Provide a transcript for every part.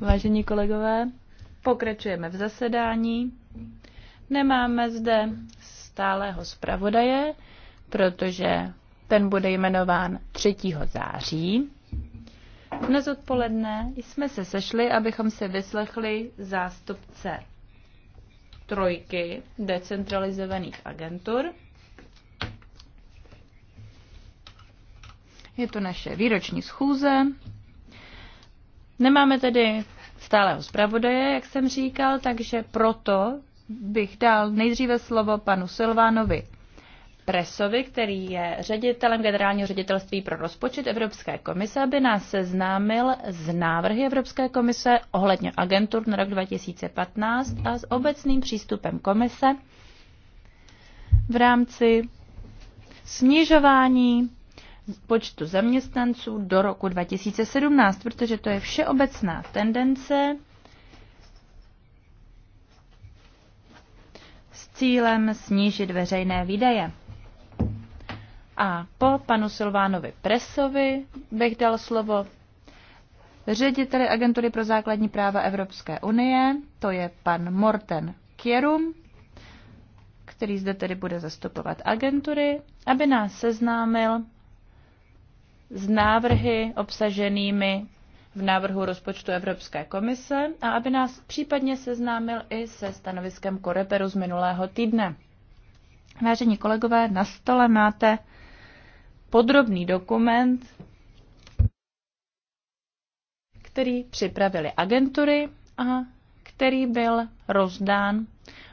Vážení kolegové, pokračujeme v zasedání. Nemáme zde stálého zpravodaje, protože ten bude jmenován třetího září. Dnes odpoledne jsme se sešli, abychom se vyslechli zástupce trojky decentralizovaných agentur. Je to naše výroční schůze, Nemáme tedy stáleho zpravodaje, jak jsem říkal, takže proto bych dal nejdříve slovo panu Silvánovi Presovi, který je ředitelem generálního ředitelství pro rozpočet Evropské komise, aby nás seznámil z návrhy Evropské komise ohledně agentur na rok 2015 a s obecným přístupem komise v rámci snižování počtu zaměstnanců do roku 2017, protože to je všeobecná tendence s cílem snížit veřejné výdaje. A po panu Silvánovi Presovi bych dal slovo řediteli Agentury pro základní práva Evropské unie, to je pan Morten Kierum, který zde tedy bude zastupovat agentury, aby nás seznámil s návrhy obsaženými v návrhu rozpočtu Evropské komise a aby nás případně seznámil i se stanoviskem Koreperu z minulého týdne. Vážení kolegové, na stole máte podrobný dokument, který připravili agentury a který byl rozdán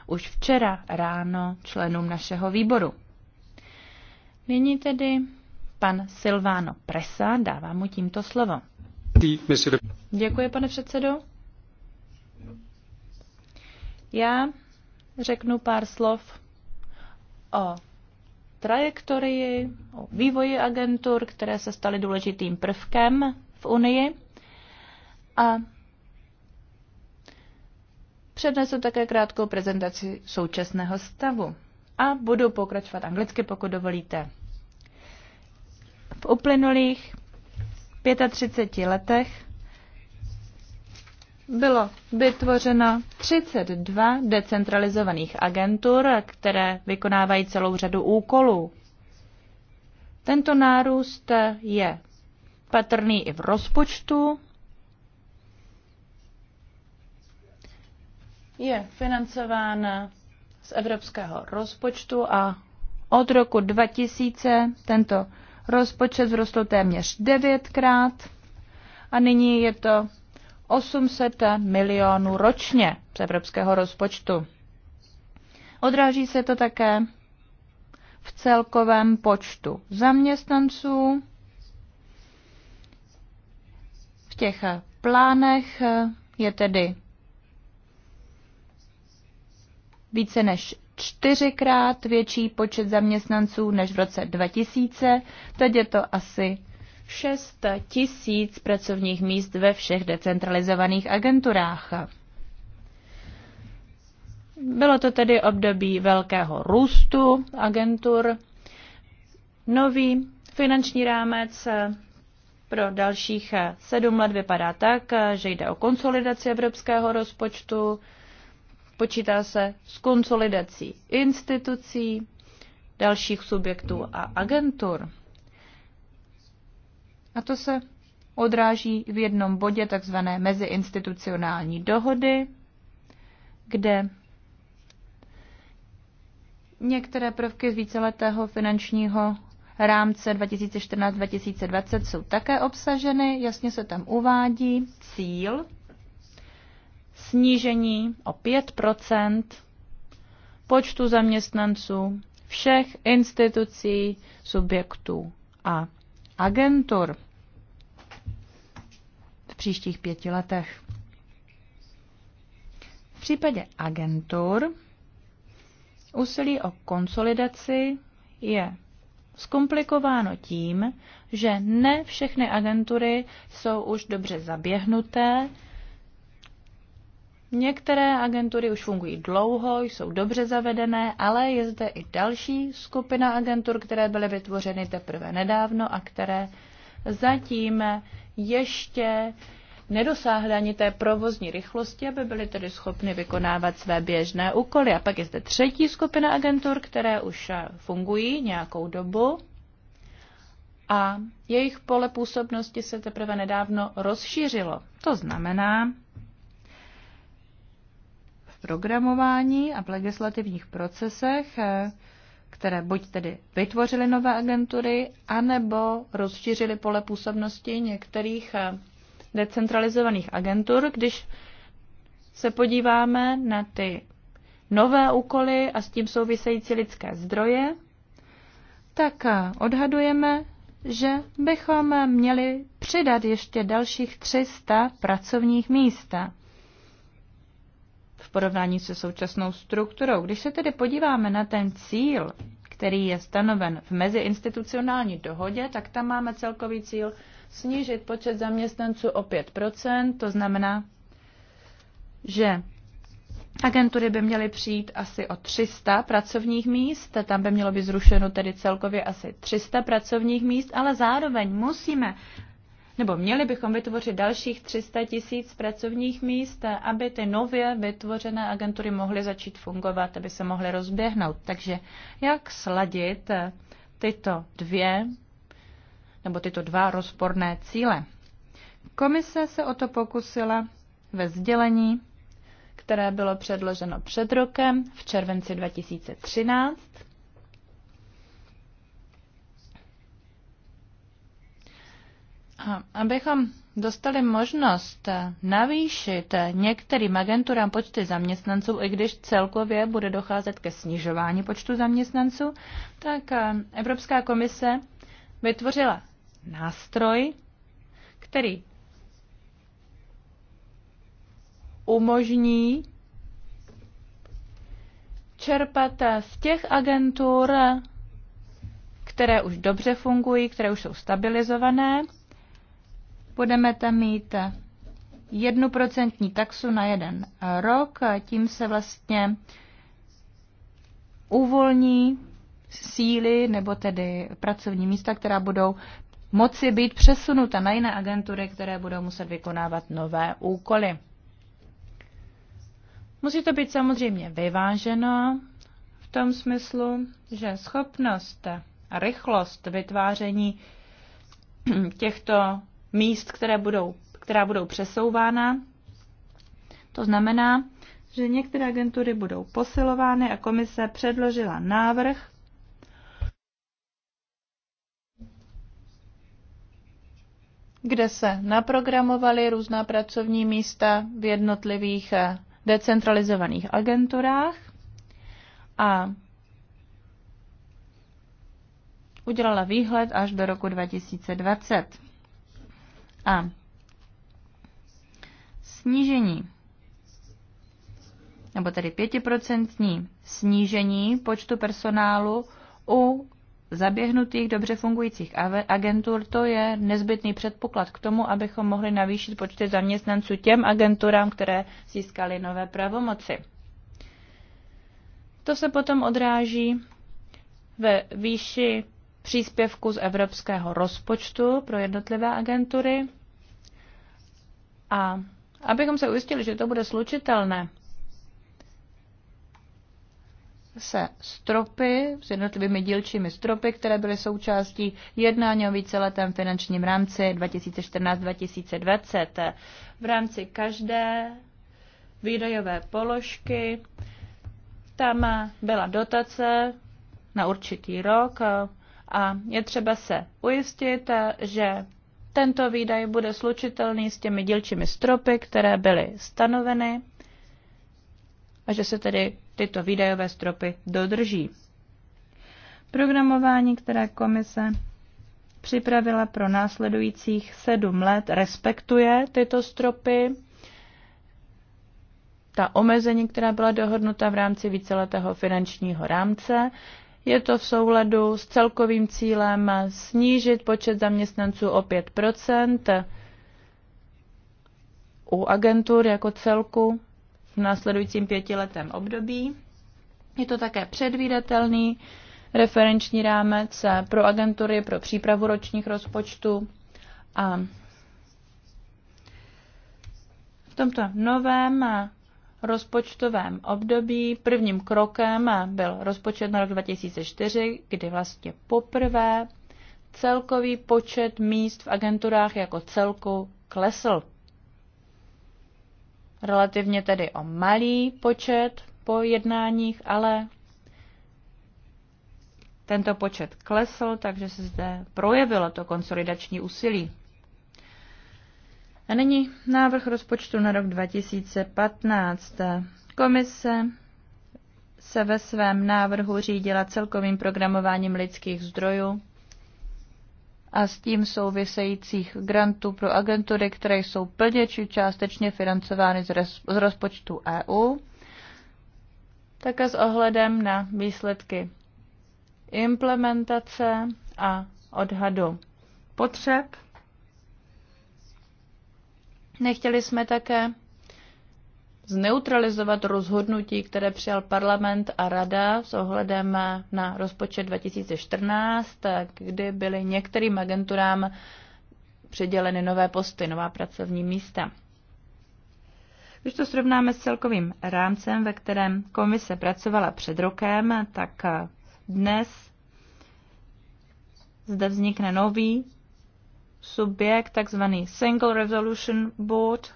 už včera ráno členům našeho výboru. Nyní tedy Pan Silvano Presa, dává mu tímto slovo. Děkuji, pane předsedo. Já řeknu pár slov o trajektorii, o vývoji agentur, které se staly důležitým prvkem v Unii. A přednesu také krátkou prezentaci současného stavu. A budu pokračovat anglicky, pokud dovolíte uplynulých 35 letech bylo vytvořeno 32 decentralizovaných agentur, které vykonávají celou řadu úkolů. Tento nárůst je patrný i v rozpočtu. Je financován z evropského rozpočtu a od roku 2000 tento Rozpočet vzrostl téměř devětkrát a nyní je to 800 milionů ročně z evropského rozpočtu. Odráží se to také v celkovém počtu zaměstnanců, v těch plánech je tedy více než čtyřikrát větší počet zaměstnanců než v roce 2000, teď je to asi 6 tisíc pracovních míst ve všech decentralizovaných agenturách. Bylo to tedy období velkého růstu agentur. Nový finanční rámec pro dalších sedm let vypadá tak, že jde o konsolidaci evropského rozpočtu, Počítá se s konsolidací institucí, dalších subjektů a agentur. A to se odráží v jednom bodě tzv. meziinstitucionální dohody, kde některé prvky z víceletého finančního rámce 2014-2020 jsou také obsaženy. Jasně se tam uvádí cíl snížení o 5 počtu zaměstnanců všech institucí, subjektů a agentur v příštích pěti letech. V případě agentur úsilí o konsolidaci je zkomplikováno tím, že ne všechny agentury jsou už dobře zaběhnuté Některé agentury už fungují dlouho, jsou dobře zavedené, ale je zde i další skupina agentur, které byly vytvořeny teprve nedávno a které zatím ještě nedosáhly ani té provozní rychlosti, aby byly tedy schopny vykonávat své běžné úkoly. A pak je zde třetí skupina agentur, které už fungují nějakou dobu a jejich pole působnosti se teprve nedávno rozšířilo. To znamená, programování a v legislativních procesech, eh, které buď tedy vytvořily nové agentury, anebo rozšířily pole působnosti některých eh, decentralizovaných agentur, když se podíváme na ty nové úkoly a s tím související lidské zdroje, tak eh, odhadujeme, že bychom měli přidat ještě dalších 300 pracovních místa porovnání se současnou strukturou. Když se tedy podíváme na ten cíl, který je stanoven v meziinstitucionální dohodě, tak tam máme celkový cíl snížit počet zaměstnanců o 5 to znamená, že agentury by měly přijít asi o 300 pracovních míst, tam by mělo být zrušeno tedy celkově asi 300 pracovních míst, ale zároveň musíme nebo měli bychom vytvořit dalších 300 tisíc pracovních míst, aby ty nově vytvořené agentury mohly začít fungovat, aby se mohly rozběhnout. Takže jak sladit eh, tyto dvě nebo tyto dva rozporné cíle? Komise se o to pokusila ve sdělení, které bylo předloženo před rokem v červenci 2013 abychom dostali možnost navýšit některým agenturám počty zaměstnanců, i když celkově bude docházet ke snižování počtu zaměstnanců, tak eh, Evropská komise vytvořila nástroj, který umožní čerpat z těch agentur, které už dobře fungují, které už jsou stabilizované Budeme tam mít jednoprocentní taxu na jeden rok, tím se vlastně uvolní síly nebo tedy pracovní místa, která budou moci být přesunuta na jiné agentury, které budou muset vykonávat nové úkoly. Musí to být samozřejmě vyváženo v tom smyslu, že schopnost a rychlost vytváření těchto míst, které budou, která budou přesouvána. To znamená, že některé agentury budou posilovány a komise předložila návrh, kde se naprogramovaly různá pracovní místa v jednotlivých eh, decentralizovaných agenturách a udělala výhled až do roku 2020. A snížení, nebo tedy pětiprocentní snížení počtu personálu u zaběhnutých, dobře fungujících agentur, to je nezbytný předpoklad k tomu, abychom mohli navýšit počty zaměstnanců těm agenturám, které získaly nové pravomoci. To se potom odráží ve výši příspěvku z evropského rozpočtu pro jednotlivé agentury a abychom se ujistili, že to bude slučitelné se stropy, s jednotlivými dílčími stropy, které byly součástí jednání o víceletém finančním rámci 2014-2020. V rámci každé výdajové položky tam byla dotace na určitý rok a je třeba se ujistit, že tento výdaj bude slučitelný s těmi dílčími stropy, které byly stanoveny a že se tedy tyto výdajové stropy dodrží. Programování, které komise připravila pro následujících sedm let, respektuje tyto stropy. Ta omezení, která byla dohodnuta v rámci víceletého finančního rámce, je to v souladu s celkovým cílem snížit počet zaměstnanců o 5 u agentur jako celku v následujícím pětiletém období. Je to také předvídatelný referenční rámec pro agentury pro přípravu ročních rozpočtů a v tomto novém rozpočtovém období. Prvním krokem byl rozpočet na rok 2004, kdy vlastně poprvé celkový počet míst v agenturách jako celku klesl. Relativně tedy o malý počet po jednáních, ale tento počet klesl, takže se zde projevilo to konsolidační úsilí. A nyní návrh rozpočtu na rok 2015. Komise se ve svém návrhu řídila celkovým programováním lidských zdrojů a s tím souvisejících grantů pro agentury, které jsou plně či částečně financovány z rozpočtu EU, také s ohledem na výsledky implementace a odhadu potřeb Nechtěli jsme také zneutralizovat rozhodnutí, které přijal parlament a rada s ohledem na rozpočet 2014, kdy byly některým agenturám předěleny nové posty, nová pracovní místa. Když to srovnáme s celkovým rámcem, ve kterém komise pracovala před rokem, tak dnes zde vznikne nový subjekt, takzvaný Single Resolution Board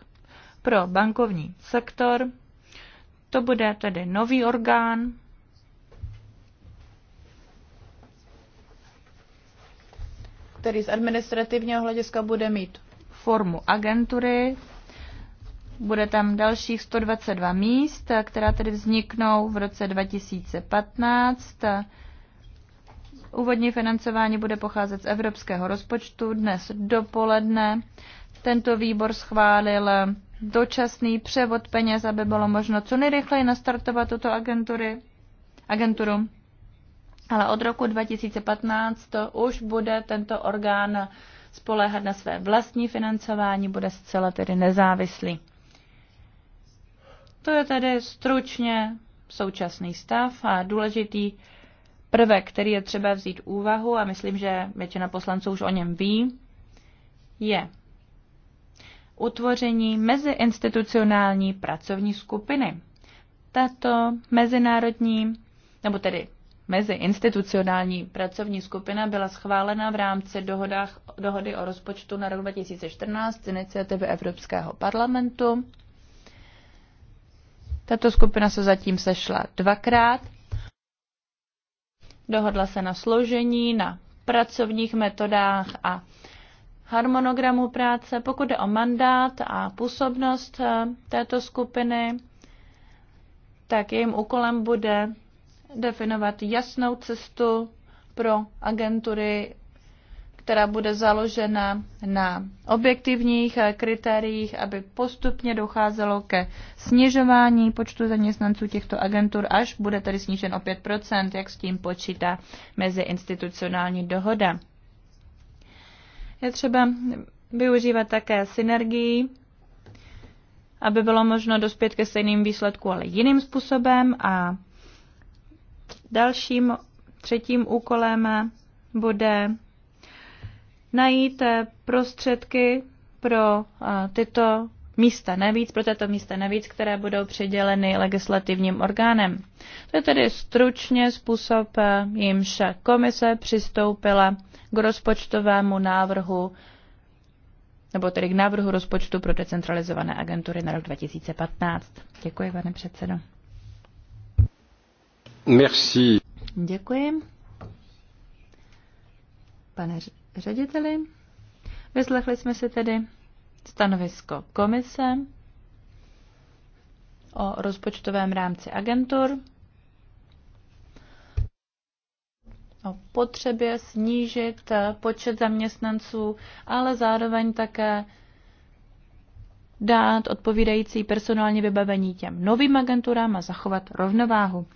pro bankovní sektor. To bude tedy nový orgán. který z administrativního hlediska bude mít formu agentury. Bude tam dalších 122 míst, která tedy vzniknou v roce 2015 Úvodní financování bude pocházet z evropského rozpočtu. Dnes dopoledne tento výbor schválil dočasný převod peněz, aby bylo možno co nejrychleji nastartovat tuto agentury, agenturu. Ale od roku 2015 to už bude tento orgán spoléhat na své vlastní financování, bude zcela tedy nezávislý. To je tedy stručně současný stav a důležitý prvek, který je třeba vzít úvahu, a myslím, že většina poslanců už o něm ví, je utvoření meziinstitucionální pracovní skupiny. Tato mezinárodní, nebo tedy meziinstitucionální pracovní skupina byla schválena v rámci dohodách, dohody o rozpočtu na rok 2014 z iniciativy Evropského parlamentu. Tato skupina se zatím sešla dvakrát dohodla se na složení, na pracovních metodách a harmonogramu práce. Pokud jde o mandát a působnost eh, této skupiny, tak jejím úkolem bude definovat jasnou cestu pro agentury která bude založena na objektivních eh, kritériích, aby postupně docházelo ke snižování počtu zaměstnanců těchto agentur, až bude tedy snížen o 5 jak s tím počítá meziinstitucionální dohoda. Je třeba využívat také synergii, aby bylo možno dospět ke stejným výsledku, ale jiným způsobem. A dalším třetím úkolem bude najít eh, prostředky pro eh, tyto místa navíc, pro tato místa navíc, které budou přiděleny legislativním orgánem. To je tedy stručně způsob, eh, jimž komise přistoupila k rozpočtovému návrhu nebo tedy k návrhu rozpočtu pro decentralizované agentury na rok 2015. Děkuji, pane předsedo. Merci. Děkuji. Pane řediteli. Vyslechli jsme si tedy stanovisko komise o rozpočtovém rámci agentur, o potřebě snížit počet zaměstnanců, ale zároveň také dát odpovídající personální vybavení těm novým agenturám a zachovat rovnováhu.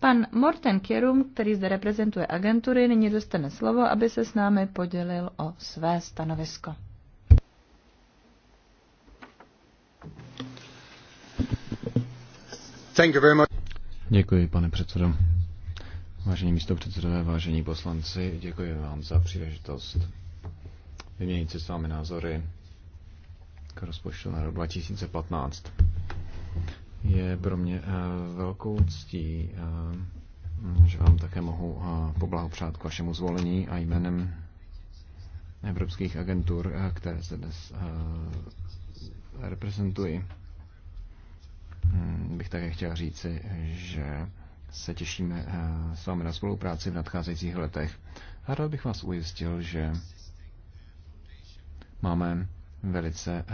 Pan Morten Kierum, který zde reprezentuje agentury, nyní dostane slovo, aby se s námi podělil o své stanovisko. Thank you very much. Děkuji, pane předsedo. Vážení předsedové, vážení poslanci, děkuji vám za příležitost vyměnit si s vámi názory k rozpočtu na rok 2015. Je pro mě eh, velkou ctí, eh, že vám také mohu eh, poblahopřát k vašemu zvolení a jménem evropských agentur, které se dnes reprezentuji, hm, bych také chtěl říci, že se těšíme s vámi na spolupráci v nadcházejících letech. A rád bych vás ujistil, že máme velice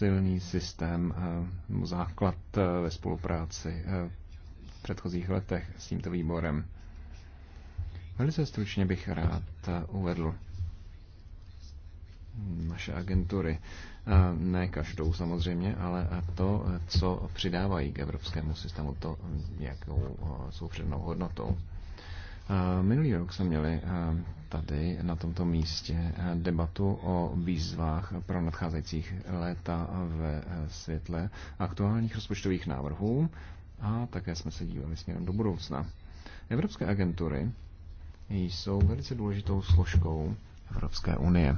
silný systém eh, nebo základ eh, ve spolupráci eh, v předchozích letech s tímto výborem. Velice stručně bych rád uvedl naše agentury. Ne každou samozřejmě, ale to, co přidávají k evropskému systému, to, jakou jsou přednou hodnotou. Eh, minulý rok jsme měli eh, tady na tomto místě eh, debatu o výzvách pro nadcházejících léta ve světle aktuálních rozpočtových návrhů a také jsme se dívali směrem do budoucna. Evropské agentury jsou velice důležitou složkou Evropské unie.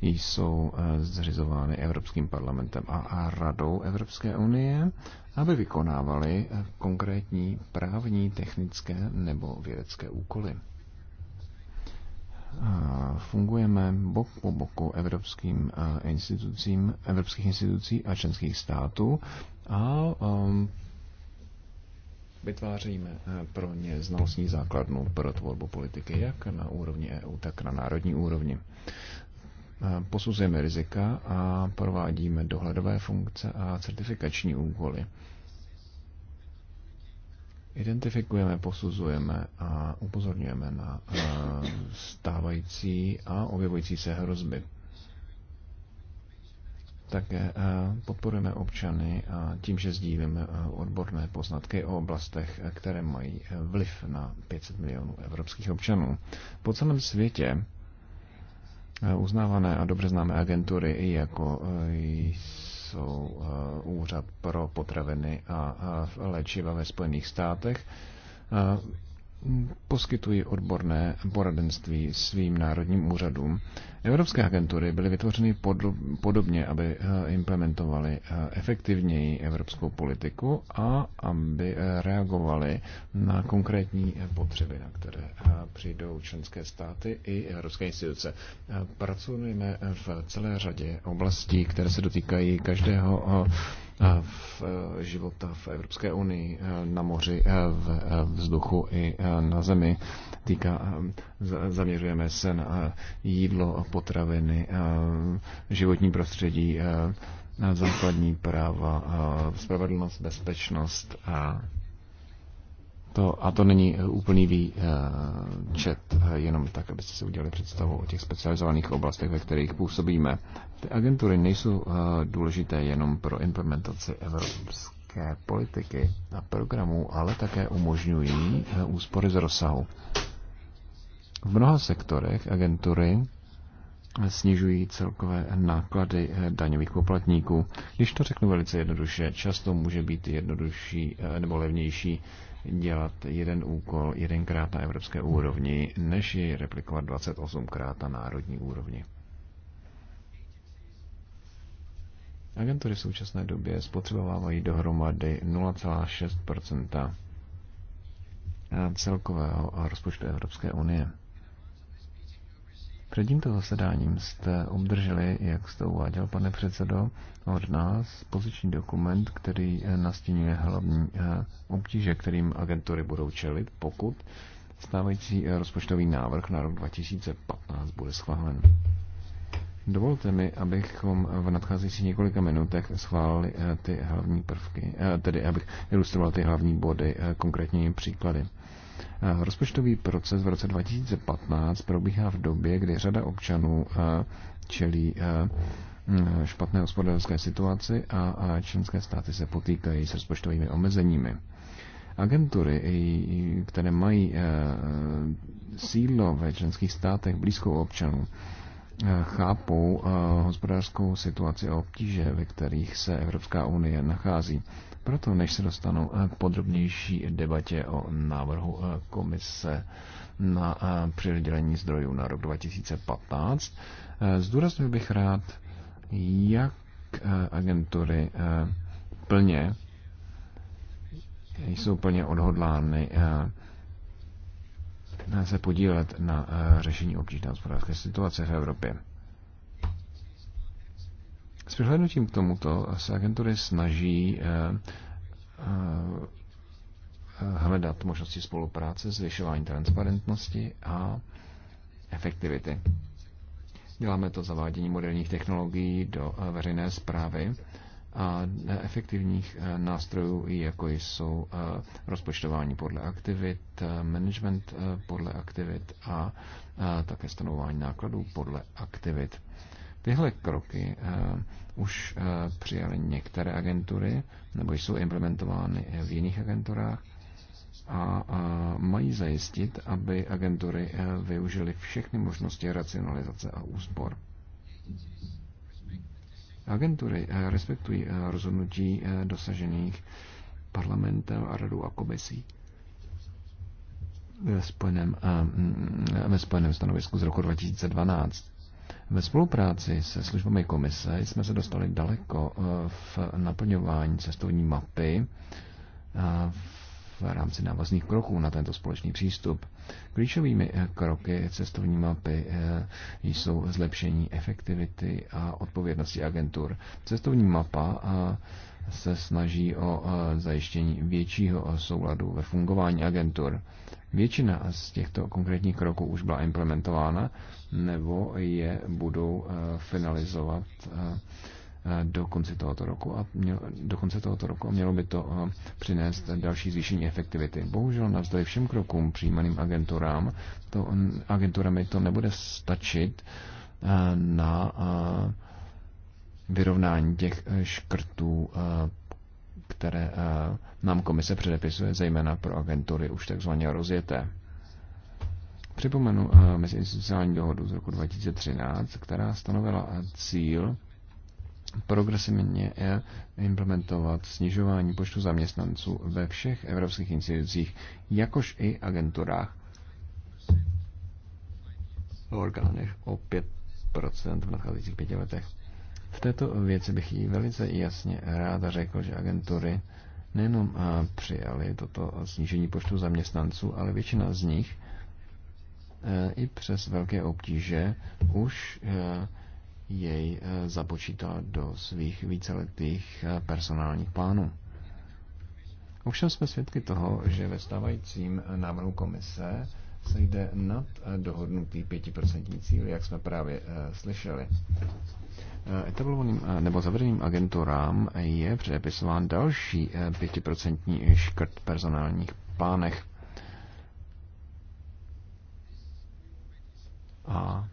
Jsou zřizovány Evropským parlamentem a radou Evropské unie aby vykonávali konkrétní právní, technické nebo vědecké úkoly. Fungujeme bok po boku evropským institucím, evropských institucí a členských států a um, vytváříme pro ně znalostní základnu pro tvorbu politiky jak na úrovni EU, tak na národní úrovni. Eh, posuzujeme rizika a provádíme dohledové funkce a certifikační úkoly. Identifikujeme, posuzujeme a upozorňujeme na eh, stávající a objevující se hrozby. Také eh, podporujeme občany a tím, že sdílíme odborné poznatky o oblastech, které mají vliv na 500 milionů evropských občanů. Po celém světě Eh, uznávané a dobře známé agentury, jako eh, jsou eh, Úřad pro potraviny a léčiva ve Spojených státech, poskytují odborné poradenství svým národním úřadům. Evropské agentury byly vytvořeny podobně, aby eh, implementovaly eh, efektivněji evropskou politiku a aby eh, reagovaly na konkrétní potřeby, na které přijdou členské státy i evropské instituce. Pracujeme v celé řadě oblastí, které se dotýkají každého Eh, v eh, života v Evropské unii eh, na moři, v vzduchu i na zemi. Týká, zaměřujeme se na jídlo, potraviny, životní prostředí, základní práva, spravedlnost, bezpečnost a to, a to není eh, úplný výčet, eh, eh, jenom tak, abyste si udělali představu o těch specializovaných oblastech, ve kterých působíme. Ty agentury nejsou důležité jenom pro implementaci evropské politiky a programů, ale také umožňují úspory z rozsahu. V mnoha sektorech agentury snižují celkové náklady daňových poplatníků. Když to řeknu velice jednoduše, často může být jednodušší nebo levnější dělat jeden úkol jedenkrát na evropské úrovni, než jej replikovat 28krát na národní úrovni. Agentury v současné době spotřebovávají dohromady 0,6 celkového rozpočtu Evropské unie. Před tímto zasedáním jste obdrželi, jak jste uváděl, pane předsedo, od nás poziční dokument, který eh, nastínuje hlavní eh, obtíže, kterým agentury budou čelit, pokud stávající eh, rozpočtový návrh na rok 2015 bude schválen. Dovolte mi, abychom v nadcházejících několika minutech schválili ty hlavní prvky, tedy abych ilustroval ty hlavní body konkrétními příklady. Eh, rozpočtový proces v roce 2015 probíhá v době, kdy řada občanů eh, čelí eh, mm, špatné hospodářské situaci a členské státy se potýkají s rozpočtovými omezeními. Agentury, které mají sídlo ve členských státech blízkou občanů, chápou hospodářskou situaci a obtíže, ve kterých se Evropská unie nachází. Proto, než se dostanu eh, k podrobnější debatě o návrhu eh, komise na eh, přidělení zdrojů na rok 2015, zdůraznil bych rád, jak agentury plně jsou plně odhodlány se podílet na řešení obtížné hospodářské situace v Evropě. S přihlednutím k tomuto se agentury snaží eh, eh, hledat možnosti spolupráce, zvyšování transparentnosti a efektivity. Děláme to zavádění moderních technologií do eh, veřejné zprávy a efektivních nástrojů, jako jsou rozpočtování podle aktivit, management podle aktivit a také stanovování nákladů podle aktivit. Tyhle kroky eh, už eh, přijaly některé agentury, nebo jsou implementovány eh, v jiných agenturách a mají zajistit, aby agentury využily všechny možnosti racionalizace a úspor. Agentury respektují rozhodnutí dosažených parlamentem a radou a komisí ve spojeném, mm, ve spojeném stanovisku z roku 2012. Ve spolupráci se službami komise jsme se dostali daleko eh, v naplňování cestovní mapy eh, v rámci návazných kroků na tento společný přístup. Klíčovými eh, kroky cestovní mapy jsou zlepšení efektivity a odpovědnosti agentur. Cestovní mapa se snaží o zajištění většího souladu ve fungování agentur. Většina z těchto konkrétních kroků už byla implementována nebo je budou eh, finalizovat eh, eh, do konce tohoto roku a mělo, do konce tohoto roku mělo by to přinést další zvýšení efektivity. Bohužel navzdory všem krokům přijímaným agenturám, to, agenturami to nebude stačit na vyrovnání těch škrtů které eh, nám komise předepisuje, zejména pro agentury už takzvaně rozjeté. Připomenu eh, meziinstitucionální dohodu z roku 2013, která stanovila eh, cíl progresivně implementovat snižování počtu zaměstnanců ve všech evropských institucích, jakož i agenturách orgánech o 5% v nadcházejících pěti letech. V této věci bych jí velice jasně ráda řekl, že agentury nejenom přijali toto snížení počtu zaměstnanců, ale většina z nich e, i přes velké obtíže už e, jej e, započítala do svých víceletých personálních plánů. Ovšem jsme svědky toho, že ve stávajícím návrhu komise se jde nad dohodnutý 5% cíl, jak jsme právě slyšeli. Eh, etablovaným eh, nebo zavedeným agenturám je předepisován další 5% eh, škrt personálních plánech. A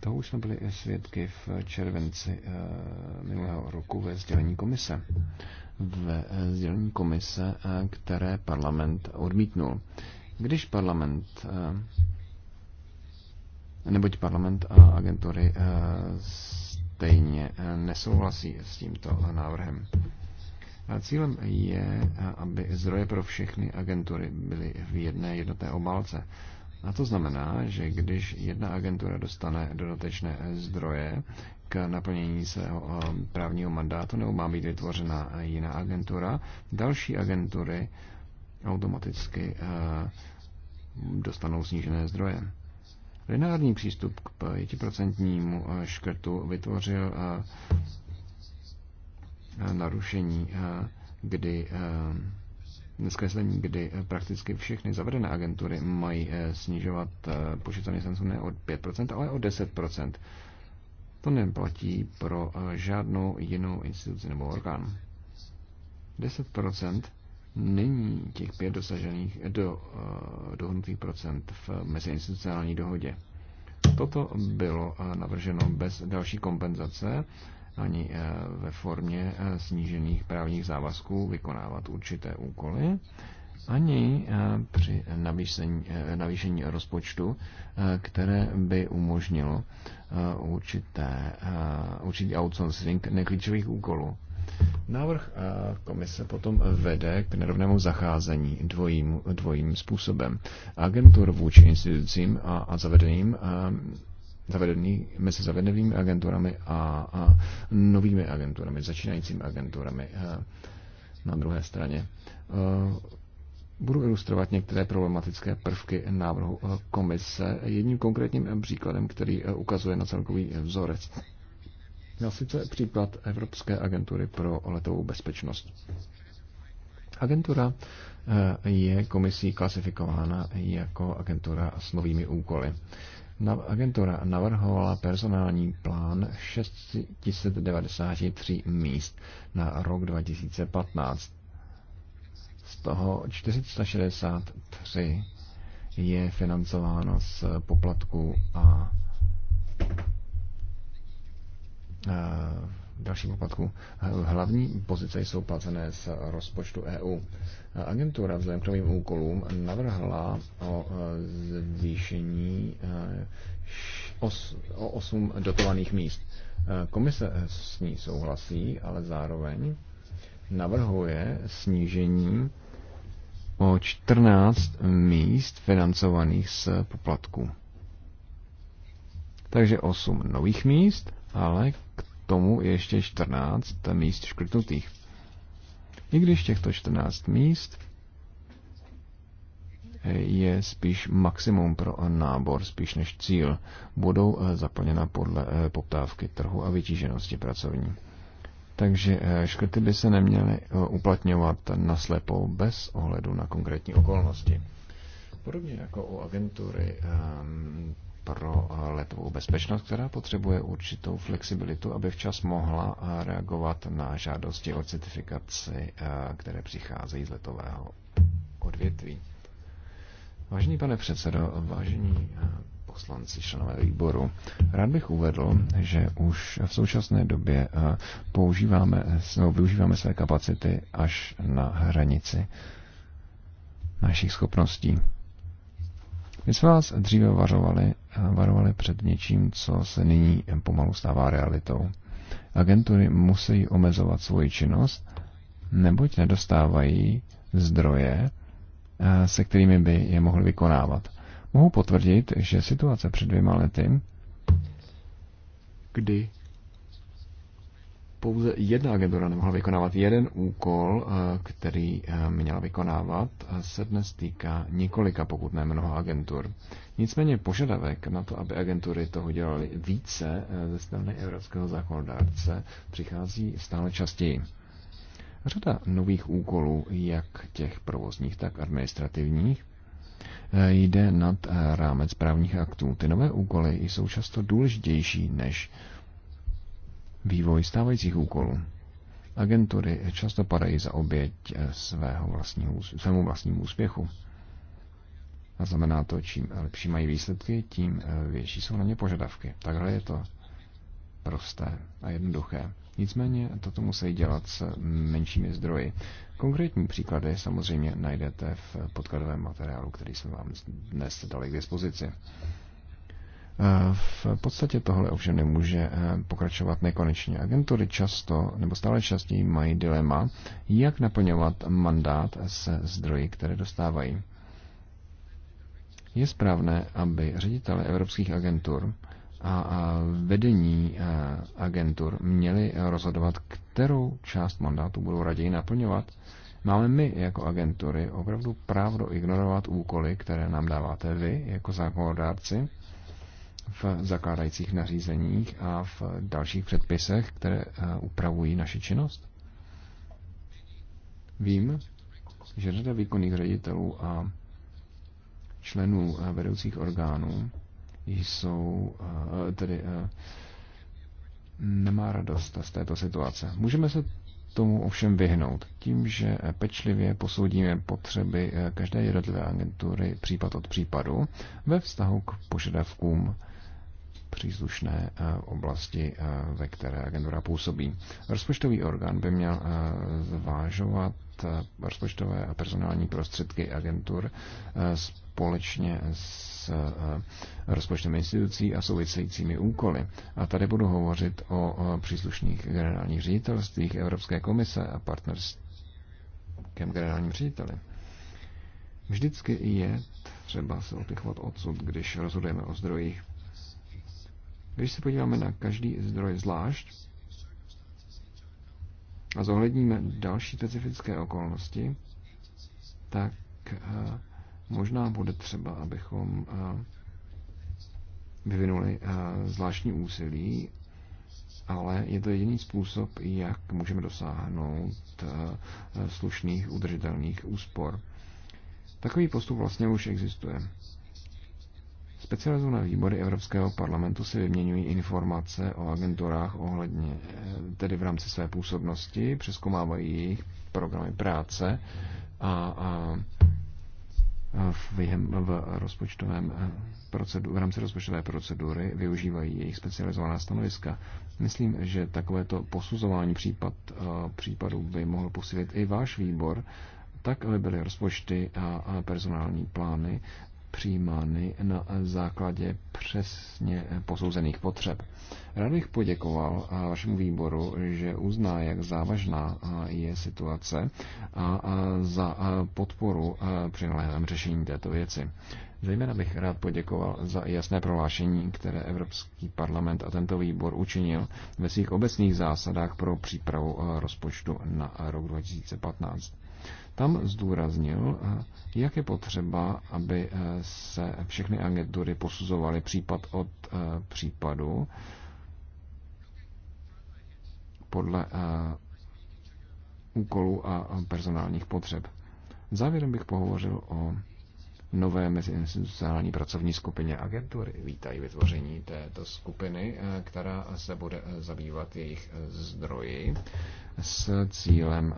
toho už jsme byli svědky v červenci minulého roku ve sdělení komise. Ve sdělení komise, které parlament odmítnul. Když parlament neboť parlament a agentury eh, stejně eh, nesouhlasí s tímto návrhem. Cílem je, eh, aby zdroje pro všechny agentury byly v jedné jednotné obálce. A to znamená, že když jedna agentura dostane dodatečné zdroje k naplnění svého právního mandátu nebo má být vytvořena jiná agentura, další agentury automaticky dostanou snížené zdroje. Lineární přístup k 5% eh, škrtu vytvořil eh, narušení, eh, kdy zkreslení, kdy prakticky všechny zavedené agentury mají snižovat počet zaměstnanců ne o 5%, ale o 10%. To neplatí pro žádnou jinou instituci nebo orgán. 10% není těch pět dosažených do eh, dohodnutých procent v meziinstitucionální dohodě. Toto bylo eh, navrženo bez další kompenzace ani eh, ve formě snížených právních závazků vykonávat určité úkoly, ani při navýšení, navýšení rozpočtu, které by umožnilo určité, určitý outsourcing neklíčových úkolů. Návrh komise potom vede k nerovnému zacházení dvojím, dvojím způsobem. Agentur vůči institucím a, a zavedeným a, zavedený, mezi zavedenými agenturami a, a novými agenturami, začínajícími agenturami na druhé straně. Budu ilustrovat některé problematické prvky návrhu komise jedním konkrétním příkladem, který ukazuje na celkový vzorec Měl sice příklad Evropské agentury pro letovou bezpečnost. Agentura eh, je komisí klasifikována jako agentura s novými úkoly. Agentura navrhovala personální plán 693 míst na rok 2015. Z toho 463 je financováno z poplatků a Eh, dalším opatků. Hlavní pozice jsou placené z rozpočtu EU. Agentura vzhledem k novým úkolům navrhla o eh, zvýšení eh, o 8 dotovaných míst. Komise s ní souhlasí, ale zároveň navrhuje snížení o 14 míst financovaných z poplatků. Takže 8 nových míst ale k tomu je ještě 14 míst škrtnutých. I když těchto 14 míst je spíš maximum pro nábor, spíš než cíl, budou eh, zaplněna podle eh, poptávky trhu a vytíženosti pracovní. Takže eh, škrty by se neměly uplatňovat naslepo bez ohledu na konkrétní okolnosti. Podobně jako u agentury, ehm, pro eh, letovou bezpečnost, která potřebuje určitou flexibilitu, aby včas mohla eh, reagovat na žádosti o certifikaci, eh, které přicházejí z letového odvětví. Vážený pane předsedo, vážení poslanci, členové výboru. Rád bych uvedl, že už v současné době používáme, no, využíváme své kapacity až na hranici našich schopností. My jsme vás dříve varovali, varovali před něčím, co se nyní pomalu stává realitou. Agentury musí omezovat svoji činnost, neboť nedostávají zdroje, eh, se kterými by je mohli vykonávat. Mohu potvrdit, že situace před dvěma lety, kdy pouze jedna agentura nemohla vykonávat jeden úkol, eh, který eh, měla vykonávat, eh, se dnes týká několika, pokud ne mnoho agentur. Nicméně požadavek na to, aby agentury toho dělaly více ze strany evropského zákonodárce, přichází stále častěji. Řada nových úkolů, jak těch provozních, tak administrativních, jde nad rámec právních aktů. Ty nové úkoly jsou často důležitější než vývoj stávajících úkolů. Agentury často padají za oběť eh, svého vlastního, svému vlastnímu úspěchu. A znamená to, čím lepší mají výsledky, tím eh, větší jsou na ně požadavky. Takhle je to prosté a jednoduché. Nicméně toto musí dělat s menšími zdroji. Konkrétní příklady samozřejmě najdete v podkladovém materiálu, který jsme vám dnes dali k dispozici. V podstatě tohle ovšem nemůže eh, pokračovat nekonečně. Agentury často nebo stále častěji mají dilema, jak naplňovat mandát se zdroji, které dostávají. Je správné, aby ředitele evropských agentur a vedení eh, agentur měli rozhodovat, kterou část mandátu budou raději naplňovat. Máme my jako agentury opravdu právo ignorovat úkoly, které nám dáváte vy jako zákonodárci, v zakládajících nařízeních a v dalších předpisech, které eh, upravují naši činnost? Vím, že řada výkonných ředitelů a členů eh, vedoucích orgánů jsou eh, tedy nemá radost z této situace. Můžeme se tomu ovšem vyhnout tím, že pečlivě posoudíme potřeby každé jednotlivé agentury případ od případu ve vztahu k požadavkům příslušné eh, oblasti, eh, ve které agentura působí. Rozpočtový orgán by měl eh, zvážovat rozpočtové a personální prostředky agentur společně s rozpočtem institucí a souvisejícími úkoly. A tady budu hovořit o příslušných generálních ředitelstvích Evropské komise a partnerském generálním řediteli. Vždycky je třeba se odpichovat odsud, když rozhodujeme o zdrojích když se podíváme na každý zdroj zvlášť a zohledníme další specifické okolnosti, tak eh, možná bude třeba, abychom eh, vyvinuli eh, zvláštní úsilí, ale je to jediný způsob, jak můžeme dosáhnout slušných udržitelných úspor. Takový postup vlastně už existuje. Specializované výbory Evropského parlamentu si vyměňují informace o agenturách ohledně, eh, tedy v rámci své působnosti, přeskoumávají jejich programy práce a, a v, v, rozpočtovém eh, procedu, v rámci rozpočtové procedury využívají jejich specializovaná stanoviska. Myslím, že takovéto posuzování případ, eh, případů by mohl posílit i váš výbor, tak, aby byly rozpočty a personální plány přijímány na základě přesně posouzených potřeb. Rád bych poděkoval eh, vašemu výboru, že uzná, jak závažná eh, je situace a eh, za podporu při naléhavém řešení této věci. Zejména bych rád poděkoval za jasné prohlášení, které Evropský parlament a tento výbor učinil ve svých obecných zásadách pro přípravu rozpočtu na rok 2015. Tam zdůraznil, eh, jak je potřeba, aby eh, se všechny agentury posuzovaly případ od eh, případu podle úkolů a personálních potřeb. Závěrem bych pohovořil o nové meziinstitucionální pracovní skupině agentury. Vítají vytvoření této skupiny, která se bude zabývat jejich zdroji s cílem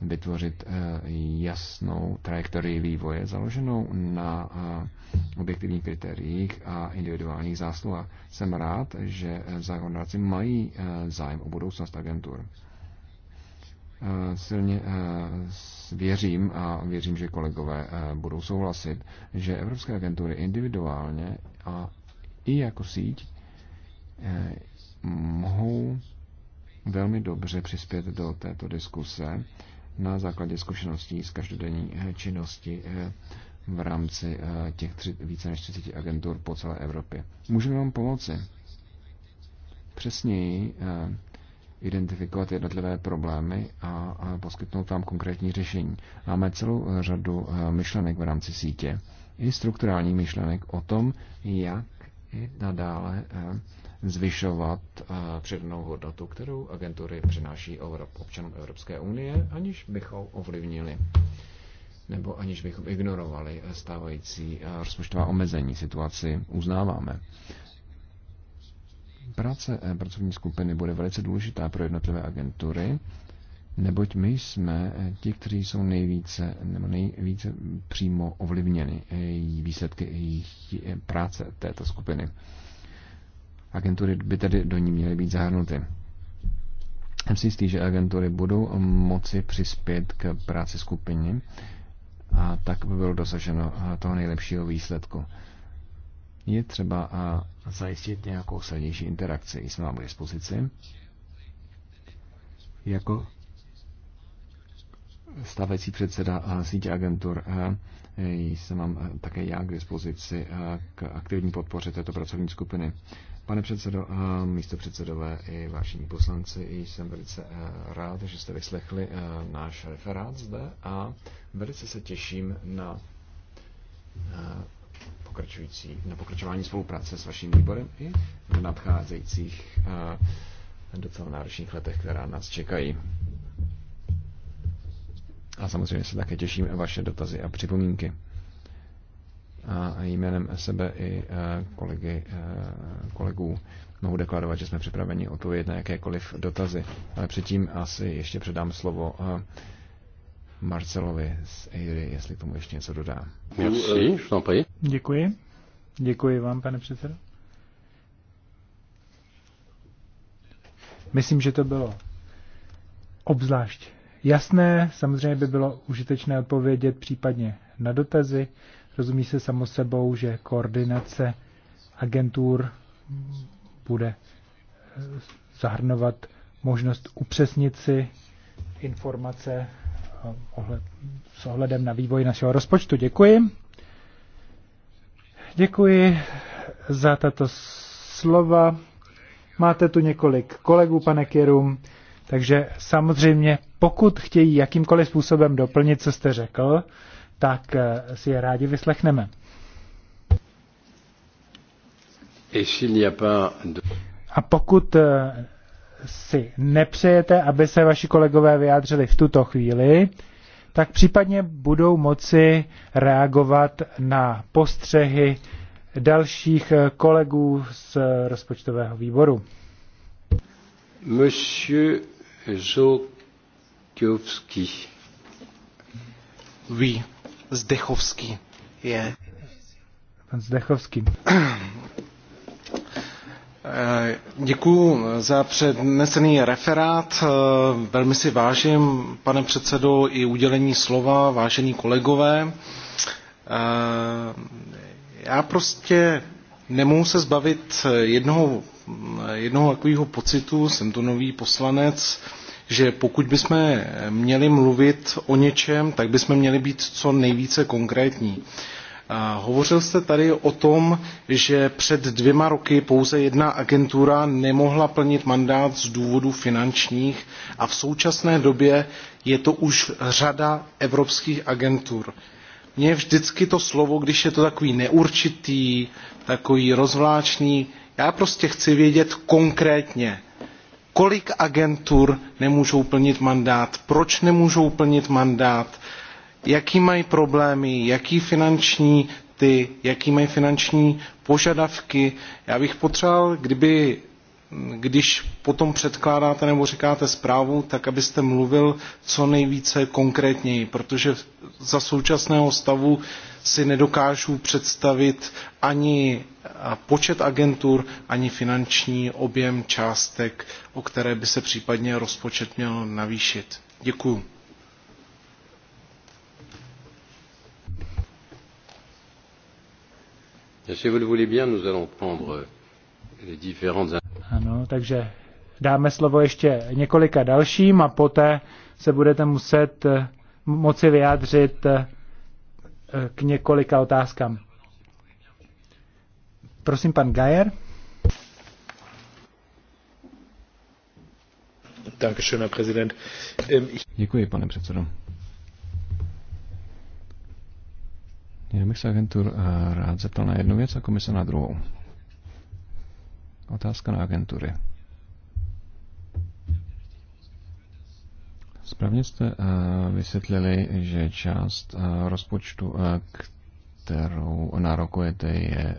vytvořit eh, jasnou trajektorii vývoje založenou na eh, objektivních kritériích a individuálních zásluhách. Jsem rád, že eh, zákonodáci mají zájem o budoucnost agentur. Silně věřím a věřím, že kolegové budou souhlasit, že evropské agentury individuálně a i jako síť mohou velmi dobře přispět do této diskuse na základě zkušeností z každodenní eh, činnosti eh, v rámci eh, těch tři, více než 30 agentur po celé Evropě. Můžeme vám pomoci přesněji identifikovat jednotlivé problémy a poskytnout vám konkrétní řešení. Máme celou řadu myšlenek v rámci sítě i strukturální myšlenek o tom, jak i nadále zvyšovat eh, přednou hodnotu, kterou agentury přináší občanům Evropské unie, aniž bychom ovlivnili nebo aniž bychom ignorovali stávající eh, rozpočtová omezení situaci, uznáváme. Práce eh, pracovní skupiny bude velice důležitá pro jednotlivé agentury, neboť my jsme ti, kteří jsou nejvíce, nebo nejvíce přímo ovlivněni výsledky jejich práce této skupiny. Agentury by tedy do ní měly být zahrnuty. Jsem si jistý, že agentury budou moci přispět k práci skupiny a tak by bylo dosaženo eh, toho nejlepšího výsledku. Je třeba a eh, zajistit nějakou silnější interakci. Jsme vám k dispozici. Jako stavecí předseda eh, sítě agentur jsem vám také já k dispozici k aktivní podpoře této pracovní skupiny. Pane předsedo, a eh, místo předsedové i vážení poslanci, jsem velice eh, rád, že jste vyslechli eh, náš referát zde a velice se těším na pokračující, na pokračování spolupráce s vaším výborem i v nadcházejících docela náročných letech, která nás čekají. A samozřejmě se také těším na vaše dotazy a připomínky a jménem sebe i e, kolegy, e, kolegů mohu deklarovat, že jsme připraveni odpovědět na jakékoliv dotazy. Ale předtím asi ještě předám slovo e, Marcelovi z Eiry, jestli tomu ještě něco dodá. Děkuji. Děkuji vám, pane předsedo. Myslím, že to bylo obzvlášť jasné. Samozřejmě by bylo užitečné odpovědět případně na dotazy. Rozumí se samo sebou, že koordinace agentur bude eh, zahrnovat možnost upřesnit si informace eh, s ohledem na vývoj našeho rozpočtu. Děkuji. Děkuji za tato slova. Máte tu několik kolegů, pane Kirum, takže samozřejmě, pokud chtějí jakýmkoliv způsobem doplnit, co jste řekl, tak eh, si je rádi vyslechneme. A pokud eh, si nepřejete, aby se vaši kolegové vyjádřili v tuto chvíli, tak případně budou moci reagovat na postřehy dalších eh, kolegů z rozpočtového výboru. Monsieur Zokiovský. Oui. Zdechovský je. Pan Zdechovský. Eh, Děkuji za přednesený referát. Eh, velmi si vážím, pane předsedo, i udělení slova, vážení kolegové. Eh, já prostě nemohu se zbavit jednoho, jednoho takového pocitu, jsem to nový poslanec, že pokud bychom měli mluvit o něčem, tak bychom měli být co nejvíce konkrétní. Hovořil jste tady o tom, že před dvěma roky pouze jedna agentura nemohla plnit mandát z důvodů finančních a v současné době je to už řada evropských agentur. Mně vždycky to slovo, když je to takový neurčitý, takový rozvláčný, já prostě chci vědět konkrétně, kolik agentur nemůžou plnit mandát proč nemůžou plnit mandát jaké mají problémy jaké finanční ty Jaký mají finanční požadavky. já bych potřeboval kdyby když potom předkládáte nebo říkáte zprávu, tak abyste mluvil co nejvíce konkrétněji, protože za současného stavu si nedokážu představit ani eh, počet agentur, ani finanční objem částek, o které by se případně rozpočet měl navýšit. Děkuji. Ano, takže dáme slovo ještě několika dalším a poté se budete muset eh, moci vyjádřit eh, k několika otázkám. Prosím, pan Gajer. Ähm, Děkuji, pane předsedo. Já bych se agentur eh, rád zeptal na jednu věc a komise na druhou. Otázka na agentury. Správně jste eh, vysvětlili, že část eh, rozpočtu, eh, kterou nárokujete, je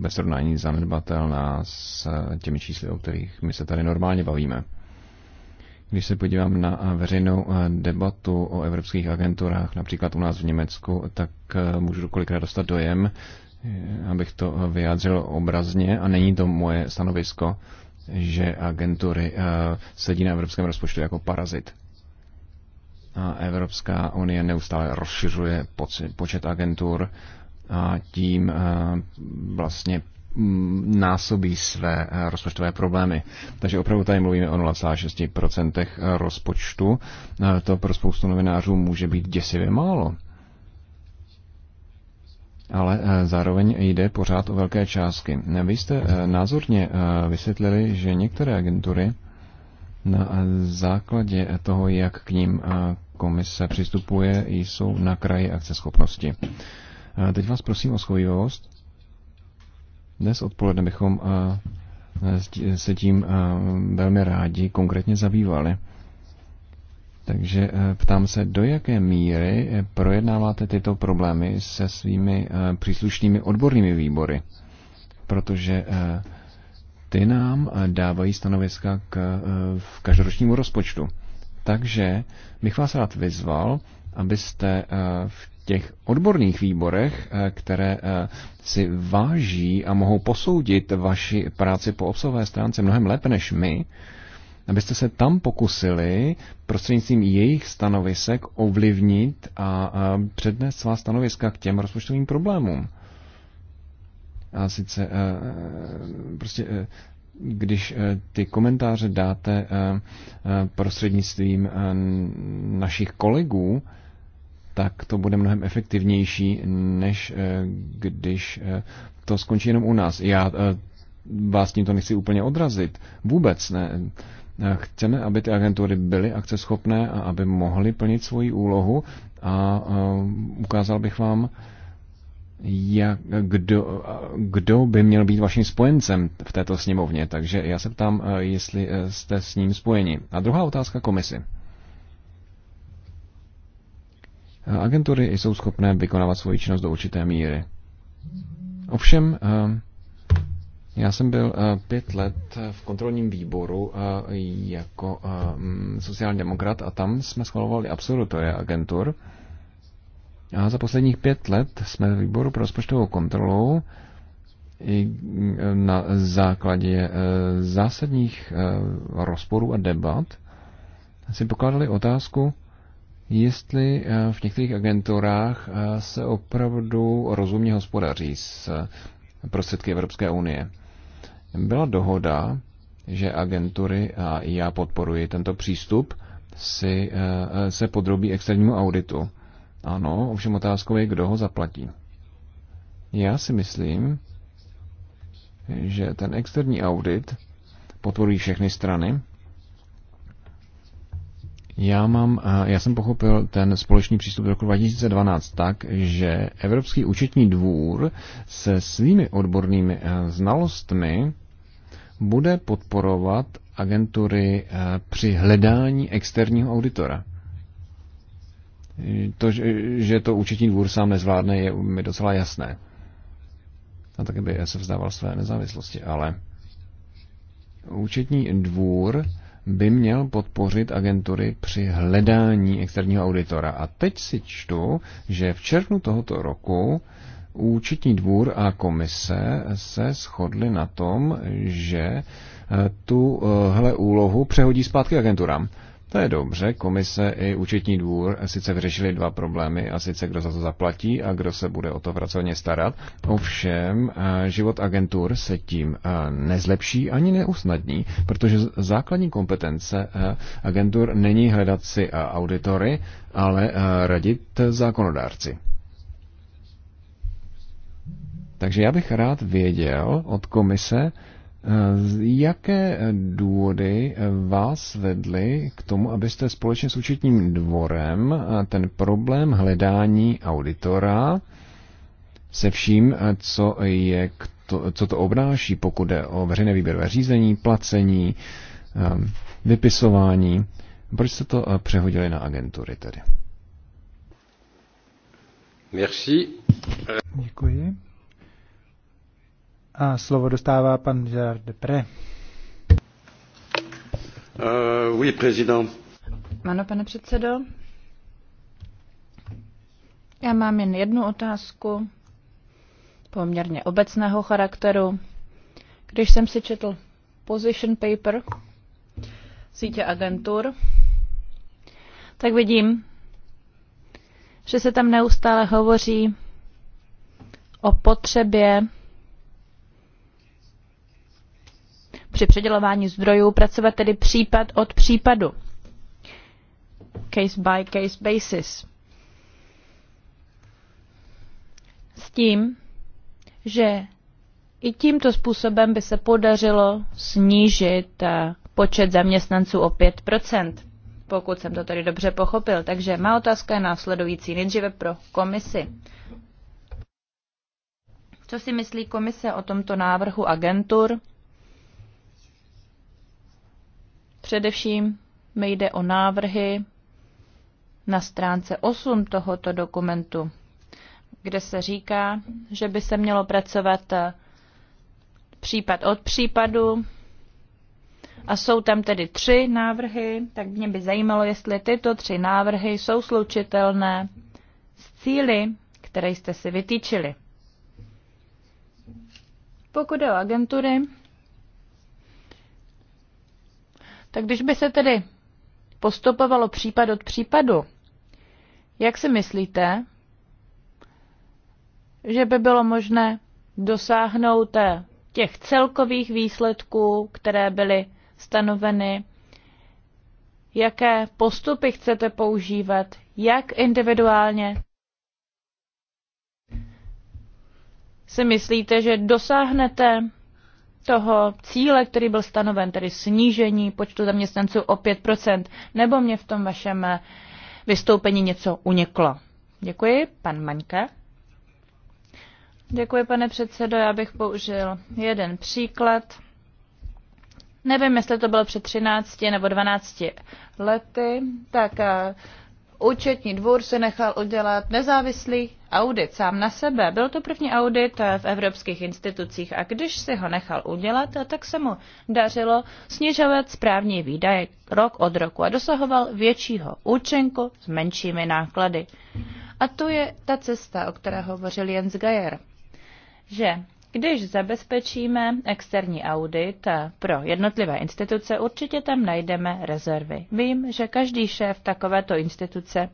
bez srovnání zanedbatelná s těmi čísly, o kterých my se tady normálně bavíme. Když se podívám na veřejnou debatu o evropských agenturách, například u nás v Německu, tak můžu kolikrát dostat dojem, abych to vyjádřil obrazně, a není to moje stanovisko, že agentury eh, sedí na evropském rozpočtu jako parazit. A Evropská unie neustále rozšiřuje počet agentur a tím eh, vlastně mm, násobí své eh, rozpočtové problémy. Takže opravdu tady mluvíme o 0,6% rozpočtu. To pro spoustu novinářů může být děsivě málo ale eh, zároveň jde pořád o velké částky. Vy jste eh, názorně eh, vysvětlili, že některé agentury na základě toho, jak k ním komise přistupuje, jsou na kraji akceschopnosti. Teď vás prosím o schovivost. Dnes odpoledne bychom se tím velmi rádi konkrétně zabývali. Takže eh, ptám se, do jaké míry eh, projednáváte tyto problémy se svými eh, příslušnými odbornými výbory? Protože ty nám dávají stanoviska k v každoročnímu rozpočtu. Takže bych vás rád vyzval, abyste v těch odborných výborech, které si váží a mohou posoudit vaši práci po obsahové stránce mnohem lépe než my, abyste se tam pokusili prostřednictvím jejich stanovisek ovlivnit a přednést svá stanoviska k těm rozpočtovým problémům. A sice eh, eh, prostě eh, když ty komentáře dáte prostřednictvím našich kolegů, tak to bude mnohem efektivnější, než když to skončí jenom u nás. Já vás tímto nechci úplně odrazit. Vůbec ne. Eh, chceme, aby ty agentury byly akceschopné a aby mohly plnit svoji úlohu a eh, ukázal bych vám, jak, kdo, eh, kdo by měl být vaším spojencem v této sněmovně. Takže já se ptám, jestli jste s ním spojeni. A druhá otázka komisi. Agentury jsou schopné vykonávat svoji činnost do určité míry. Ovšem, já jsem byl eh, pět let eh, v kontrolním výboru eh, jako mm, sociální demokrat a tam jsme schvalovali absolutoria agentur. A za posledních pět let jsme v výboru pro rozpočtovou kontrolu i mm, na základě zásadních rozporů a debat si pokládali otázku, jestli v některých agenturách se opravdu rozumně hospodaří s prostředky Evropské unie. Byla dohoda, že agentury, a já podporuji tento přístup, si, eh, eh, se podrobí externímu auditu. Ano, ovšem otázkou je, kdo ho zaplatí. Já si myslím, že ten externí audit podporují všechny strany já, mám, já jsem pochopil ten společný přístup do roku 2012 tak, že Evropský účetní dvůr se svými odbornými eh, znalostmi bude podporovat agentury eh, při hledání externího auditora. Eh, to, že to účetní dvůr sám nezvládne, je mi docela jasné. A také by se vzdával své nezávislosti, ale účetní dvůr by měl podpořit agentury při hledání externího auditora. A teď si čtu, že v červnu tohoto roku Účetní dvůr a komise se shodli na tom, že eh, tu eh, hle úlohu přehodí zpátky agenturám. To je dobře, komise i účetní dvůr sice vyřešili dva problémy, a sice kdo za to zaplatí a kdo se bude o to pracovně starat. Ovšem, eh, život agentur se tím eh, nezlepší ani neusnadní, protože základní kompetence eh, agentur není hledat si auditory, ale radit zákonodárci. Takže já bych rád věděl od komise, Jaké důvody vás vedly k tomu, abyste společně s účetním dvorem ten problém hledání auditora se vším, co, je, co to obnáší, pokud jde o veřejné výběrové řízení, placení, ehm, vypisování, proč jste to eh, přehodili na agentury tedy? Merci. Děkuji. A slovo dostává pan Gerard Depré. Uh, oui, Ano, pane předsedo. Já mám jen jednu otázku, poměrně obecného charakteru. Když jsem si četl position paper sítě agentur, tak vidím, že se tam neustále hovoří o potřebě při předělování zdrojů pracovat tedy případ od případu. Case by case basis. S tím, že i tímto způsobem by se podařilo snížit eh, počet zaměstnanců o 5 pokud jsem to tady dobře pochopil. Takže má otázka je následující. Nejdříve pro komisi. Co si myslí komise o tomto návrhu agentur Především mi jde o návrhy na stránce 8 tohoto dokumentu, kde se říká, že by se mělo pracovat eh, případ od případu. A jsou tam tedy tři návrhy, tak mě by zajímalo, jestli tyto tři návrhy jsou slučitelné s cíly, které jste si vytýčili. Pokud jde o agentury, Tak když by se tedy postupovalo případ od případu, jak si myslíte, že by bylo možné dosáhnout eh, těch celkových výsledků, které byly stanoveny, jaké postupy chcete používat, jak individuálně si myslíte, že dosáhnete toho cíle, který byl stanoven, tedy snížení počtu zaměstnanců o 5%, nebo mě v tom vašem vystoupení něco uniklo? Děkuji, pan Maňka. Děkuji, pane předsedo. Já bych použil jeden příklad. Nevím, jestli to bylo před 13 nebo 12 lety, tak eh, účetní dvůr se nechal udělat nezávislý audit sám na sebe. Byl to první audit eh, v evropských institucích a když si ho nechal udělat, eh, tak se mu dařilo snižovat správní výdaje rok od roku a dosahoval většího účinku s menšími náklady. A to je ta cesta, o které hovořil Jens Geier, že když zabezpečíme externí audit pro jednotlivé instituce, určitě tam najdeme rezervy. Vím, že každý šéf takovéto instituce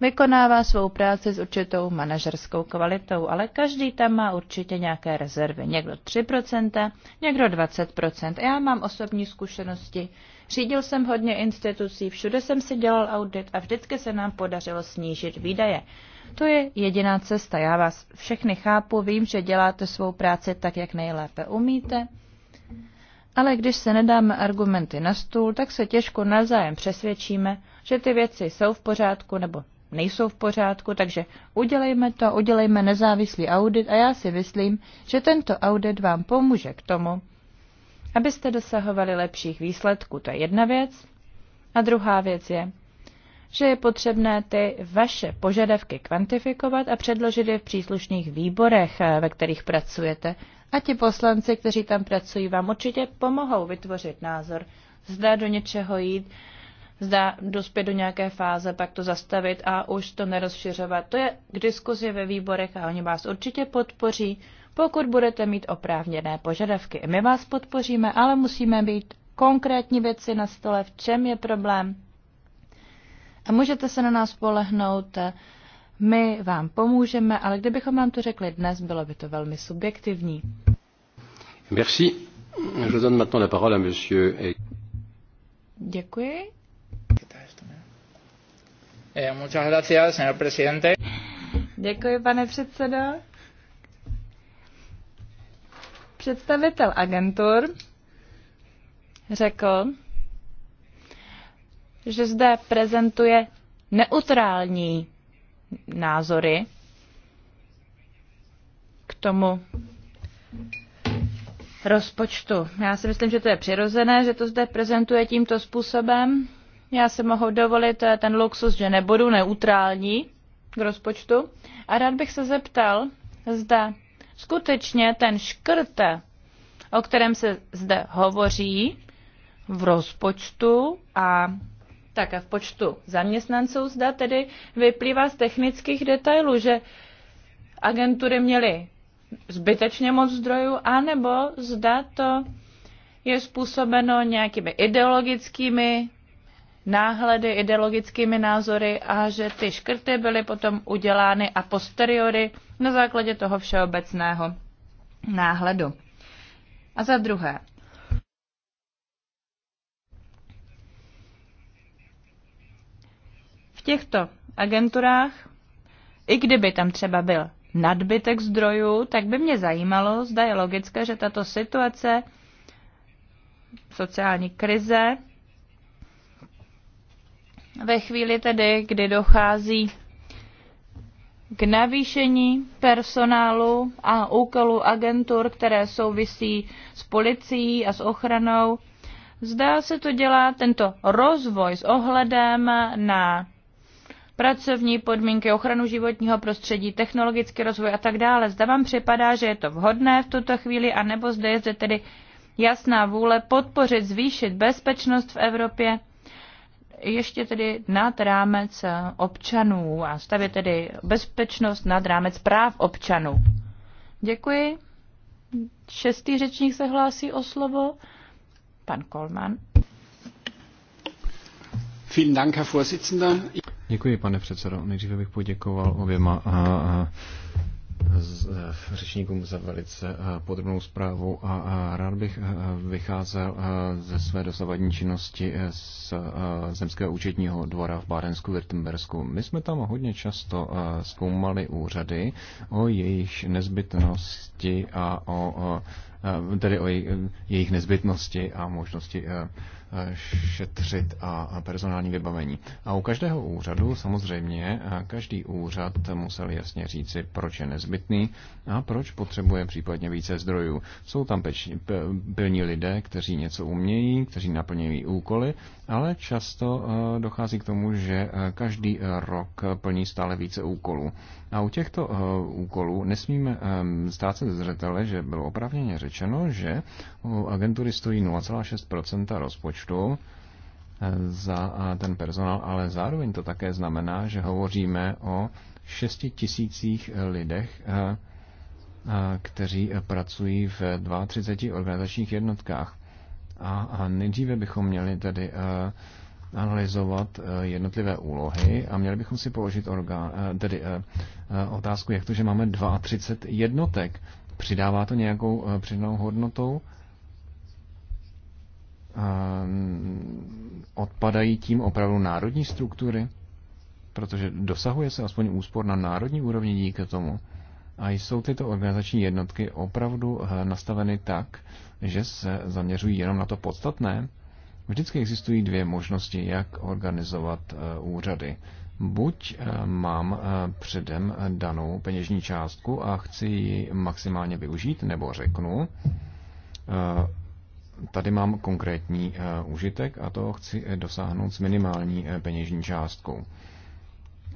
vykonává svou práci s určitou manažerskou kvalitou, ale každý tam má určitě nějaké rezervy. Někdo 3%, někdo 20%. Já mám osobní zkušenosti. Řídil jsem hodně institucí, všude jsem si dělal audit a vždycky se nám podařilo snížit výdaje. To je jediná cesta. Já vás všechny chápu, vím, že děláte svou práci tak, jak nejlépe umíte. Ale když se nedáme argumenty na stůl, tak se těžko navzájem přesvědčíme, že ty věci jsou v pořádku nebo nejsou v pořádku, takže udělejme to, udělejme nezávislý audit a já si myslím, že tento audit vám pomůže k tomu, abyste dosahovali lepších výsledků. To je jedna věc. A druhá věc je, že je potřebné ty vaše požadavky kvantifikovat a předložit je v příslušných výborech, eh, ve kterých pracujete. A ti poslanci, kteří tam pracují, vám určitě pomohou vytvořit názor, zda do něčeho jít, zda dospět do nějaké fáze, pak to zastavit a už to nerozšiřovat. To je k diskuzi ve výborech a oni vás určitě podpoří, pokud budete mít oprávněné požadavky. My vás podpoříme, ale musíme být konkrétní věci na stole, v čem je problém a můžete se na nás polehnout. My vám pomůžeme, ale kdybychom vám to řekli dnes, bylo by to velmi subjektivní. Merci. Je donne maintenant la parole à monsieur. E. Děkuji. Eh, Muchas gracias, señor presidente. Děkuji, pane předsedo. Představitel agentur řekl, že zde prezentuje neutrální názory k tomu rozpočtu. Já si myslím, že to je přirozené, že to zde prezentuje tímto způsobem. Já si mohu dovolit eh, ten luxus, že nebudu neutrální k rozpočtu. A rád bych se zeptal, zda skutečně ten škrt, o kterém se zde hovoří v rozpočtu a tak a v počtu zaměstnanců, zda tedy vyplývá z technických detailů, že agentury měly zbytečně moc zdrojů, anebo zda to je způsobeno nějakými ideologickými náhledy, ideologickými názory a že ty škrty byly potom udělány a posteriori na základě toho všeobecného náhledu. A za druhé, těchto agenturách, i kdyby tam třeba byl nadbytek zdrojů, tak by mě zajímalo, zda je logické, že tato situace sociální krize ve chvíli tedy, kdy dochází k navýšení personálu a úkolů agentur, které souvisí s policií a s ochranou. Zdá se to dělá tento rozvoj s ohledem na pracovní podmínky, ochranu životního prostředí, technologický rozvoj a tak dále. Zda vám připadá, že je to vhodné v tuto chvíli, anebo zde je zde tedy jasná vůle podpořit, zvýšit bezpečnost v Evropě, ještě tedy nad rámec občanů a stavět tedy bezpečnost nad rámec práv občanů. Děkuji. Šestý řečník se hlásí o slovo. Pan Kolman. Vielen Dank, Herr Vorsitzender. Děkuji, pane předsedo. Nejdříve bych poděkoval oběma a, a, z, eh, řečníkům za velice eh, podrobnou zprávu a, a rád bych eh, vycházel ze své dosavadní činnosti z Zemského účetního dvora v Bárensku, Württembersku. My jsme tam hodně často zkoumali úřady o jejich nezbytnosti a o tedy o jejich nezbytnosti a možnosti šetřit a personální vybavení. A u každého úřadu samozřejmě každý úřad musel jasně říci, proč je nezbytný a proč potřebuje případně více zdrojů. Jsou tam peč, pilní lidé, kteří něco umějí, kteří naplňují úkoly, ale často eh, dochází k tomu, že eh, každý eh, rok plní stále více úkolů. A u těchto úkolů nesmíme stát se zřetele, že bylo opravněně řečeno, že agentury stojí 0,6 rozpočtu eh, za eh, ten personál, ale zároveň to také znamená, že hovoříme o 6 tisících lidech, eh, kteří pracují v 32 organizačních jednotkách. A nejdříve bychom měli tedy analyzovat jednotlivé úlohy a měli bychom si položit orgán, tedy otázku, jak to, že máme 32 jednotek. Přidává to nějakou přidanou hodnotou? Ehm, odpadají tím opravdu národní struktury? Protože dosahuje se aspoň úspor na národní úrovni díky tomu. A jsou tyto organizační jednotky opravdu eh, nastaveny tak, že se zaměřují jenom na to podstatné? Vždycky existují dvě možnosti, jak organizovat eh, úřady. Buď eh, mám předem danou peněžní částku a chci ji maximálně využít, nebo řeknu, tady mám konkrétní eh, užitek a to chci eh, dosáhnout s minimální eh, peněžní částkou.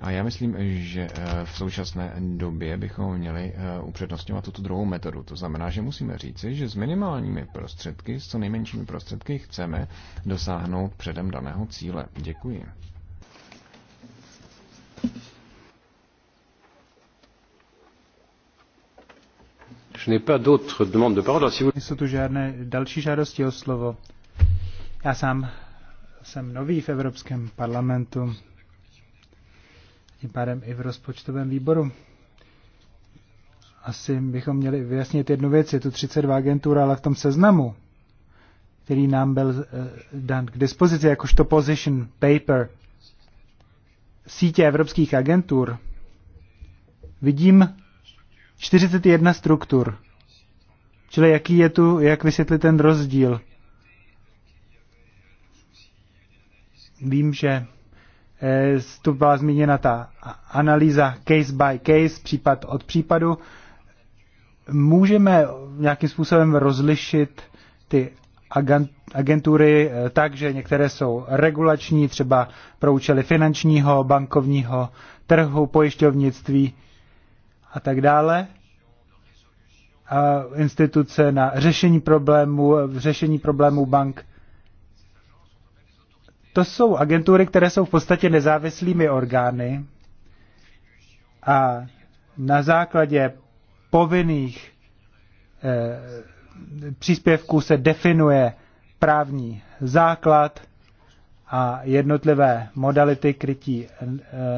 A já myslím, že v současné době bychom měli upřednostňovat tuto druhou metodu. To znamená, že musíme říci, že s minimálními prostředky, s co nejmenšími prostředky chceme dosáhnout předem daného cíle. Děkuji. Nejsou tu žádné další žádosti o slovo. Já sám jsem nový v Evropském parlamentu, tím pádem i v rozpočtovém výboru. Asi bychom měli vyjasnit jednu věc. Je tu 32 agentur, ale v tom seznamu, který nám byl uh, eh, dan k dispozici, jakožto position paper, sítě evropských agentur, vidím 41 struktur. Čili jaký je tu, jak vysvětlit ten rozdíl? Vím, že eh, tu byla zmíněna ta analýza case by case, případ od případu. Můžeme nějakým způsobem rozlišit ty agentury eh, tak, že některé jsou regulační, třeba pro účely finančního, bankovního trhu, pojišťovnictví, a tak dále. A instituce na řešení problémů, řešení problémů bank. To jsou agentury, které jsou v podstatě nezávislými orgány a na základě povinných eh, příspěvků se definuje právní základ a jednotlivé modality krytí eh,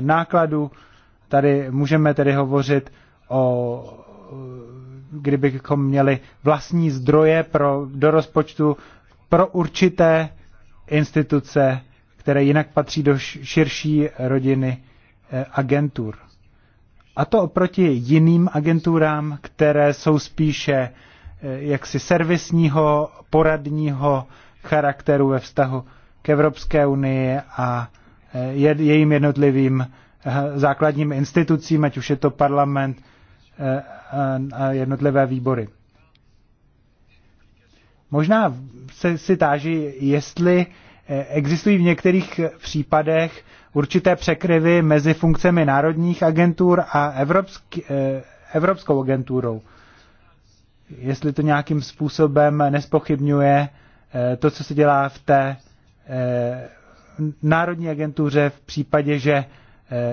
nákladů. Tady můžeme tedy hovořit o kdybychom měli vlastní zdroje pro, do rozpočtu pro určité instituce, které jinak patří do širší rodiny eh, agentur. A to oproti jiným agenturám, které jsou spíše eh, jaksi servisního, poradního charakteru ve vztahu k Evropské unii a eh, jejím jednotlivým základním institucím, ať už je to parlament, a eh, eh, eh, jednotlivé výbory. Možná se si táží, jestli existují v některých případech určité překryvy mezi funkcemi národních agentur a evropský, evropskou agenturou. Jestli to nějakým způsobem nespochybňuje to, co se dělá v té národní agentuře v případě, že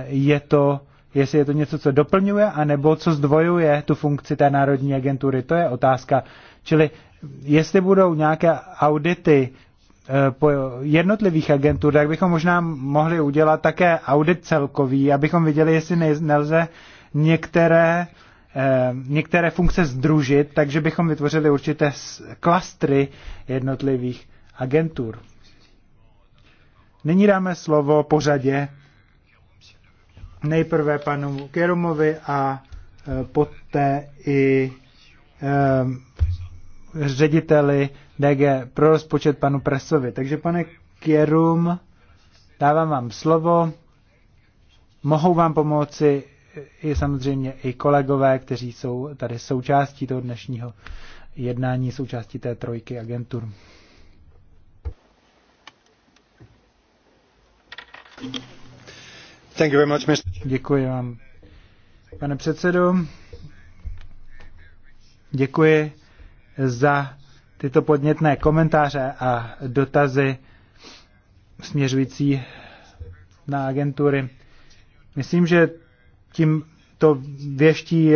je to jestli je to něco, co doplňuje, anebo co zdvojuje tu funkci té národní agentury. To je otázka. Čili jestli budou nějaké audity eh, po jednotlivých agentur, tak bychom možná mohli udělat také audit celkový, abychom viděli, jestli nelze některé, eh, některé funkce združit, takže bychom vytvořili určité klastry jednotlivých agentur. Nyní dáme slovo pořadě nejprve panu Kerumovi a e, poté i e, řediteli DG pro rozpočet panu Presovi. Takže pane Kierum, dávám vám slovo. Mohou vám pomoci i samozřejmě i kolegové, kteří jsou tady součástí toho dnešního jednání, součástí té trojky agentur. Thank you. Děkuji vám. Pane předsedo, děkuji za tyto podnětné komentáře a dotazy směřující na agentury. Myslím, že tím to věští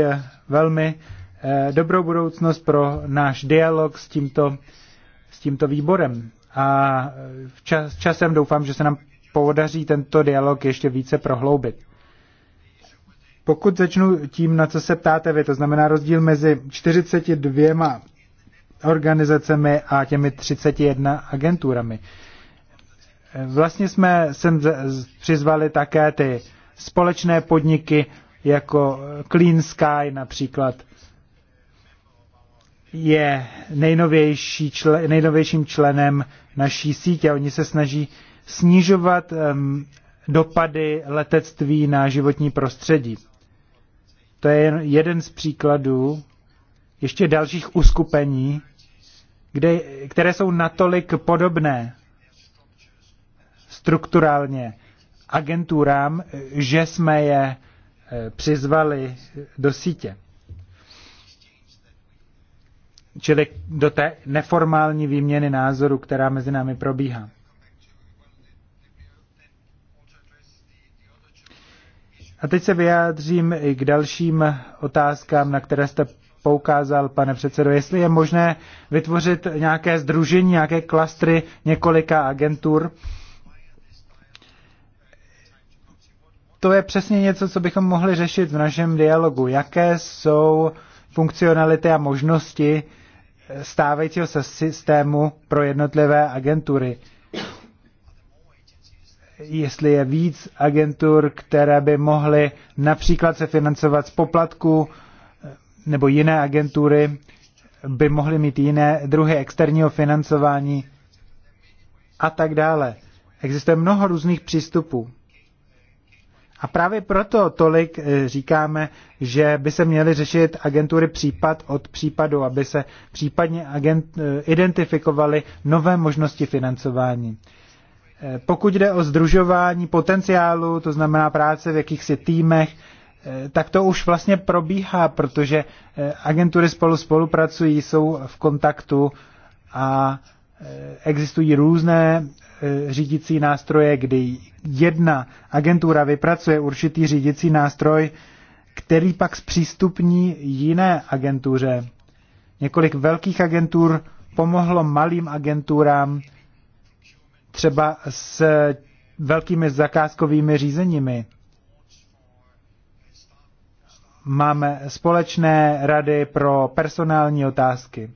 velmi eh, dobrou budoucnost pro náš dialog s tímto, s tímto výborem. A čas, časem doufám, že se nám podaří tento dialog ještě více prohloubit. Pokud začnu tím, na co se ptáte vy, to znamená rozdíl mezi 42 organizacemi a těmi 31 agenturami. Vlastně jsme sem přizvali také ty společné podniky jako Clean Sky například je nejnovější člen, nejnovějším členem naší sítě. Oni se snaží snižovat dopady letectví na životní prostředí. To je jeden z příkladů ještě dalších uskupení, kde, které jsou natolik podobné strukturálně agenturám, že jsme je eh, přizvali do sítě. Čili do té neformální výměny názoru, která mezi námi probíhá. A teď se vyjádřím i k dalším otázkám, na které jste poukázal, pane předsedo, jestli je možné vytvořit nějaké združení, nějaké klastry několika agentur. To je přesně něco, co bychom mohli řešit v našem dialogu. Jaké jsou funkcionality a možnosti stávajícího systému pro jednotlivé agentury? jestli je víc agentur, které by mohly například se financovat z poplatku, eh, nebo jiné agentury by mohly mít jiné druhy externího financování a tak dále. Existuje mnoho různých přístupů. A právě proto tolik eh, říkáme, že by se měly řešit agentury případ od případu, aby se případně agent, eh, identifikovaly nové možnosti financování. Eh, pokud jde o združování potenciálu, to znamená práce v jakýchsi týmech, eh, tak to už vlastně probíhá, protože eh, agentury spolu spolupracují, jsou v kontaktu a existují různé řídící nástroje, kdy jedna agentura vypracuje určitý řídící nástroj, který pak zpřístupní jiné agentuře. Několik velkých agentur pomohlo malým agenturám třeba s velkými zakázkovými řízeními. Máme společné rady pro personální otázky.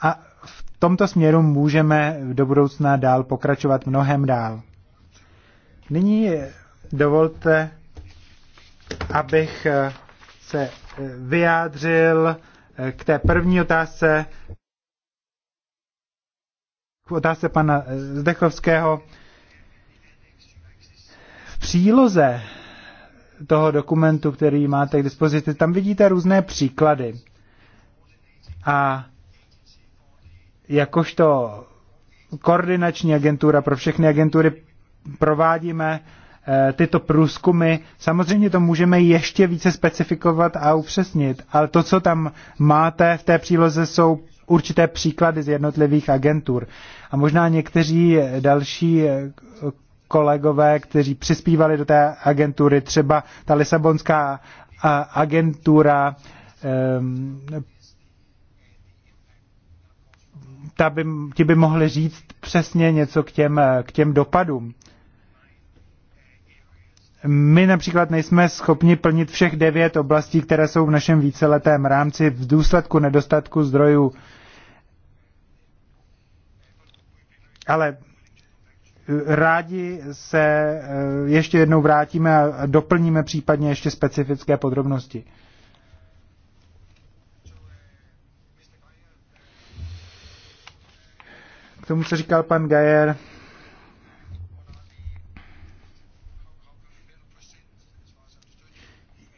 A v tomto směru můžeme do budoucna dál pokračovat mnohem dál. Nyní dovolte, abych se vyjádřil k té první otázce k otázce pana eh, Zdechovského. V příloze toho dokumentu, který máte k dispozici, tam vidíte různé příklady. A jakožto koordinační agentura pro všechny agentury provádíme eh, tyto průzkumy. Samozřejmě to můžeme ještě více specifikovat a upřesnit, ale to, co tam máte v té příloze, jsou určité příklady z jednotlivých agentur a možná někteří další kolegové, kteří přispívali do té agentury, třeba ta Lisabonská agentura, ehm, ta by, ti by mohli říct přesně něco k těm, k těm dopadům. My například nejsme schopni plnit všech devět oblastí, které jsou v našem víceletém rámci v důsledku nedostatku zdrojů Ale eh, rádi se eh, ještě jednou vrátíme a doplníme případně ještě specifické podrobnosti. K tomu, co říkal pan Gajer,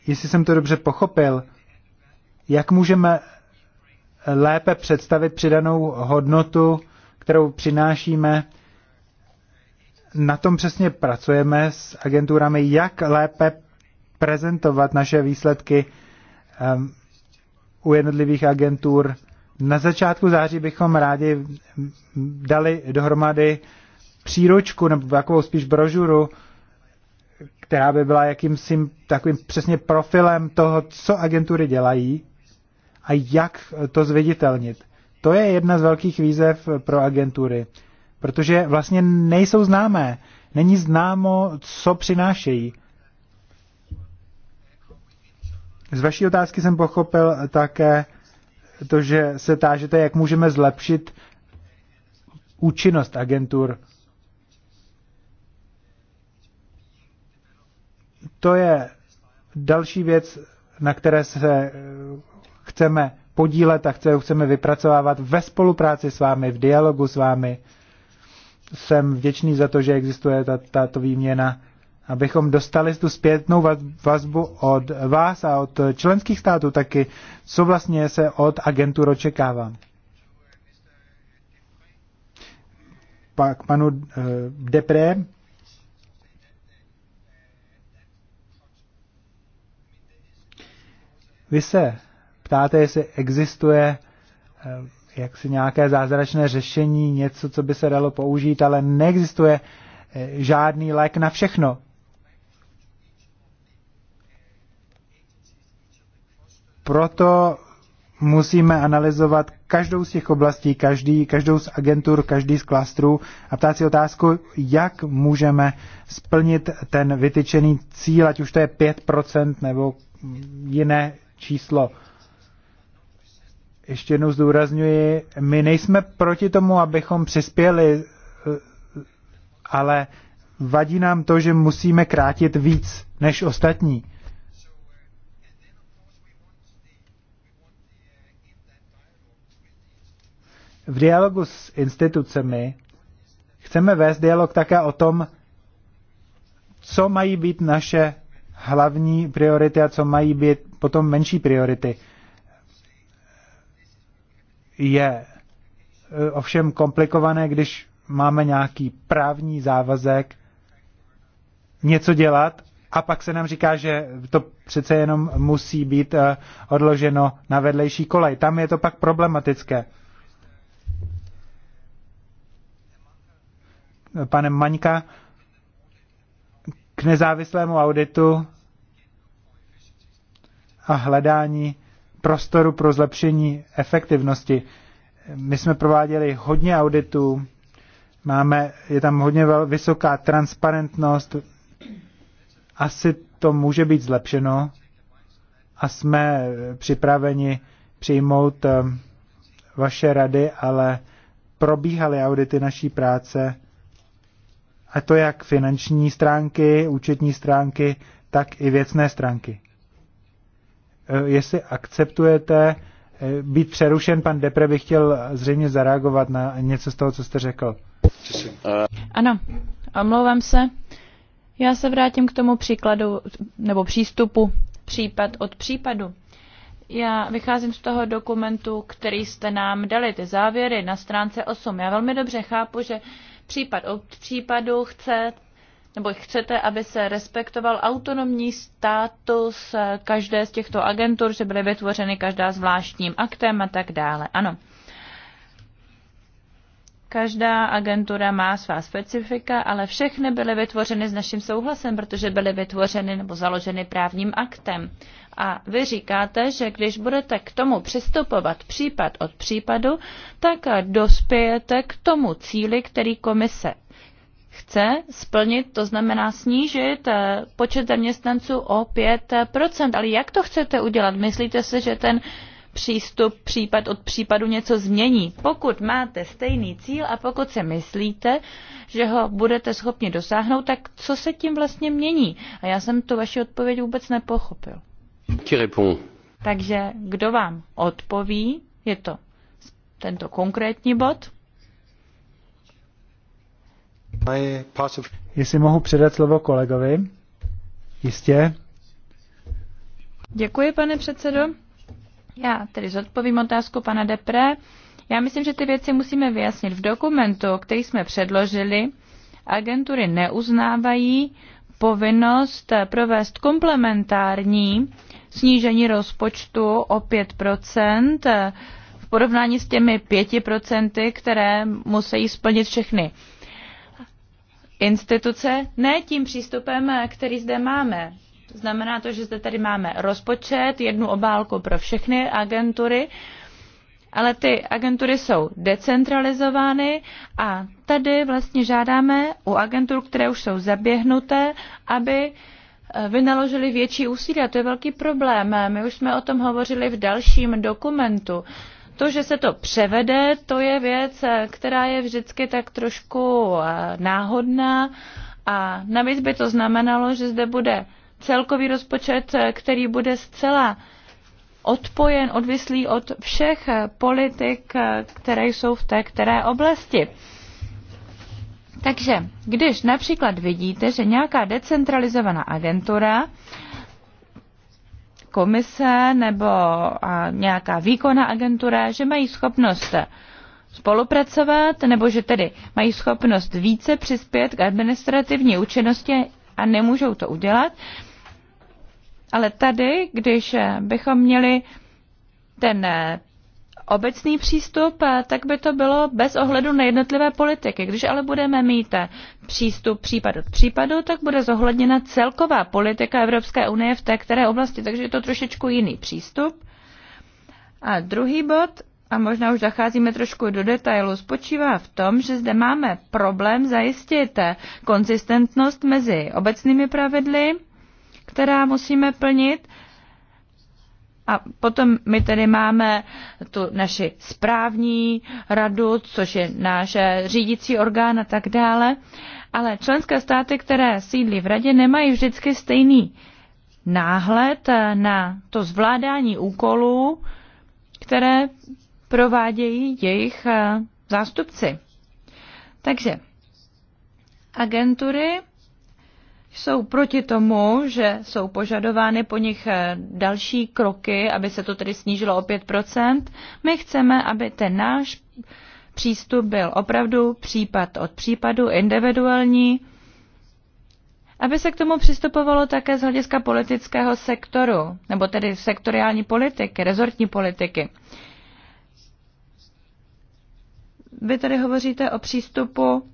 jestli jsem to dobře pochopil, jak můžeme lépe představit přidanou hodnotu kterou přinášíme. Na tom přesně pracujeme s agenturami, jak lépe prezentovat naše výsledky um, u jednotlivých agentur. Na začátku září bychom rádi dali dohromady příručku nebo takovou spíš brožuru, která by byla jakýmsi takovým přesně profilem toho, co agentury dělají a jak to zviditelnit. To je jedna z velkých výzev pro agentury, protože vlastně nejsou známé. Není známo, co přinášejí. Z vaší otázky jsem pochopil také to, že se tážete, jak můžeme zlepšit účinnost agentur. To je další věc, na které se chceme podílet a kterou chceme vypracovávat ve spolupráci s vámi, v dialogu s vámi. Jsem vděčný za to, že existuje tato výměna, abychom dostali tu zpětnou vazbu od vás a od členských států taky, co vlastně se od agentur očekává. Pak panu eh, Depré, Vy se ptáte, jestli existuje eh, jaksi nějaké zázračné řešení, něco, co by se dalo použít, ale neexistuje eh, žádný lék na všechno. Proto musíme analyzovat každou z těch oblastí, každý, každou z agentur, každý z klastrů a ptát si otázku, jak můžeme splnit ten vytyčený cíl, ať už to je 5% nebo jiné číslo ještě jednou zdůraznuju, my nejsme proti tomu, abychom přispěli, eh, ale vadí nám to, že musíme krátit víc než ostatní. V dialogu s institucemi chceme vést dialog také o tom, co mají být naše hlavní priority a co mají být potom menší priority je eh, ovšem komplikované, když máme nějaký právní závazek něco dělat a pak se nám říká, že to přece jenom musí být eh, odloženo na vedlejší kolej. Tam je to pak problematické. Pane Maňka k nezávislému auditu a hledání prostoru pro zlepšení efektivnosti. My jsme prováděli hodně auditů, máme, je tam hodně vel, vysoká transparentnost, asi to může být zlepšeno a jsme připraveni přijmout eh, vaše rady, ale probíhaly audity naší práce a to jak finanční stránky, účetní stránky, tak i věcné stránky. Eh, jestli akceptujete eh, být přerušen. Pan Depre by chtěl zřejmě zareagovat na něco z toho, co jste řekl. Eh, ano, omlouvám se. Já se vrátím k tomu příkladu nebo přístupu případ od případu. Já vycházím z toho dokumentu, který jste nám dali, ty závěry na stránce 8. Já velmi dobře chápu, že případ od případu chce nebo chcete, aby se respektoval autonomní status každé z těchto agentur, že byly vytvořeny každá zvláštním aktem a tak dále. Ano. Každá agentura má svá specifika, ale všechny byly vytvořeny s naším souhlasem, protože byly vytvořeny nebo založeny právním aktem. A vy říkáte, že když budete k tomu přistupovat případ od případu, tak dospějete k tomu cíli, který komise chce splnit, to znamená snížit eh, počet zaměstnanců o 5%. Eh, Ale jak to chcete udělat? Myslíte si, že ten přístup případ od případu něco změní. Pokud máte stejný cíl a pokud se myslíte, že ho budete schopni dosáhnout, tak co se tím vlastně mění? A já jsem tu vaši odpověď vůbec nepochopil. Takže kdo vám odpoví, je to tento konkrétní bod. Jestli mohu předat slovo kolegovi, jistě. Děkuji, pane předsedo. Já tedy zodpovím otázku pana Depré. Já myslím, že ty věci musíme vyjasnit. V dokumentu, který jsme předložili, agentury neuznávají povinnost provést komplementární snížení rozpočtu o 5 v porovnání s těmi 5 které musí splnit všechny instituce, ne tím přístupem, který zde máme. Znamená to, že zde tady máme rozpočet, jednu obálku pro všechny agentury, ale ty agentury jsou decentralizovány a tady vlastně žádáme u agentur, které už jsou zaběhnuté, aby eh, vynaložili větší úsilí a to je velký problém. My už jsme o tom hovořili v dalším dokumentu. To, že se to převede, to je věc, která je vždycky tak trošku eh, náhodná a navíc by to znamenalo, že zde bude celkový rozpočet, eh, který bude zcela odpojen, odvislý od všech eh, politik, které jsou v té které oblasti. Takže když například vidíte, že nějaká decentralizovaná agentura komise nebo nějaká výkonná agentura, že mají schopnost spolupracovat, nebo že tedy mají schopnost více přispět k administrativní účinnosti a nemůžou to udělat. Ale tady, když bychom měli ten obecný přístup, eh, tak by to bylo bez ohledu na jednotlivé politiky. Když ale budeme mít eh, přístup případ od případu, tak bude zohledněna celková politika Evropské unie v té které oblasti, takže je to trošičku jiný přístup. A druhý bod, a možná už zacházíme trošku do detailu, spočívá v tom, že zde máme problém zajistit eh, konzistentnost mezi obecnými pravidly, která musíme plnit, a potom my tedy máme tu naši správní radu, což je náš řídící orgán a tak dále. Ale členské státy, které sídlí v radě, nemají vždycky stejný náhled na to zvládání úkolů, které provádějí jejich eh, zástupci. Takže agentury jsou proti tomu, že jsou požadovány po nich eh, další kroky, aby se to tedy snížilo o 5%. My chceme, aby ten náš přístup byl opravdu případ od případu, individuální, aby se k tomu přistupovalo také z hlediska politického sektoru, nebo tedy sektoriální politiky, rezortní politiky. Vy tady hovoříte o přístupu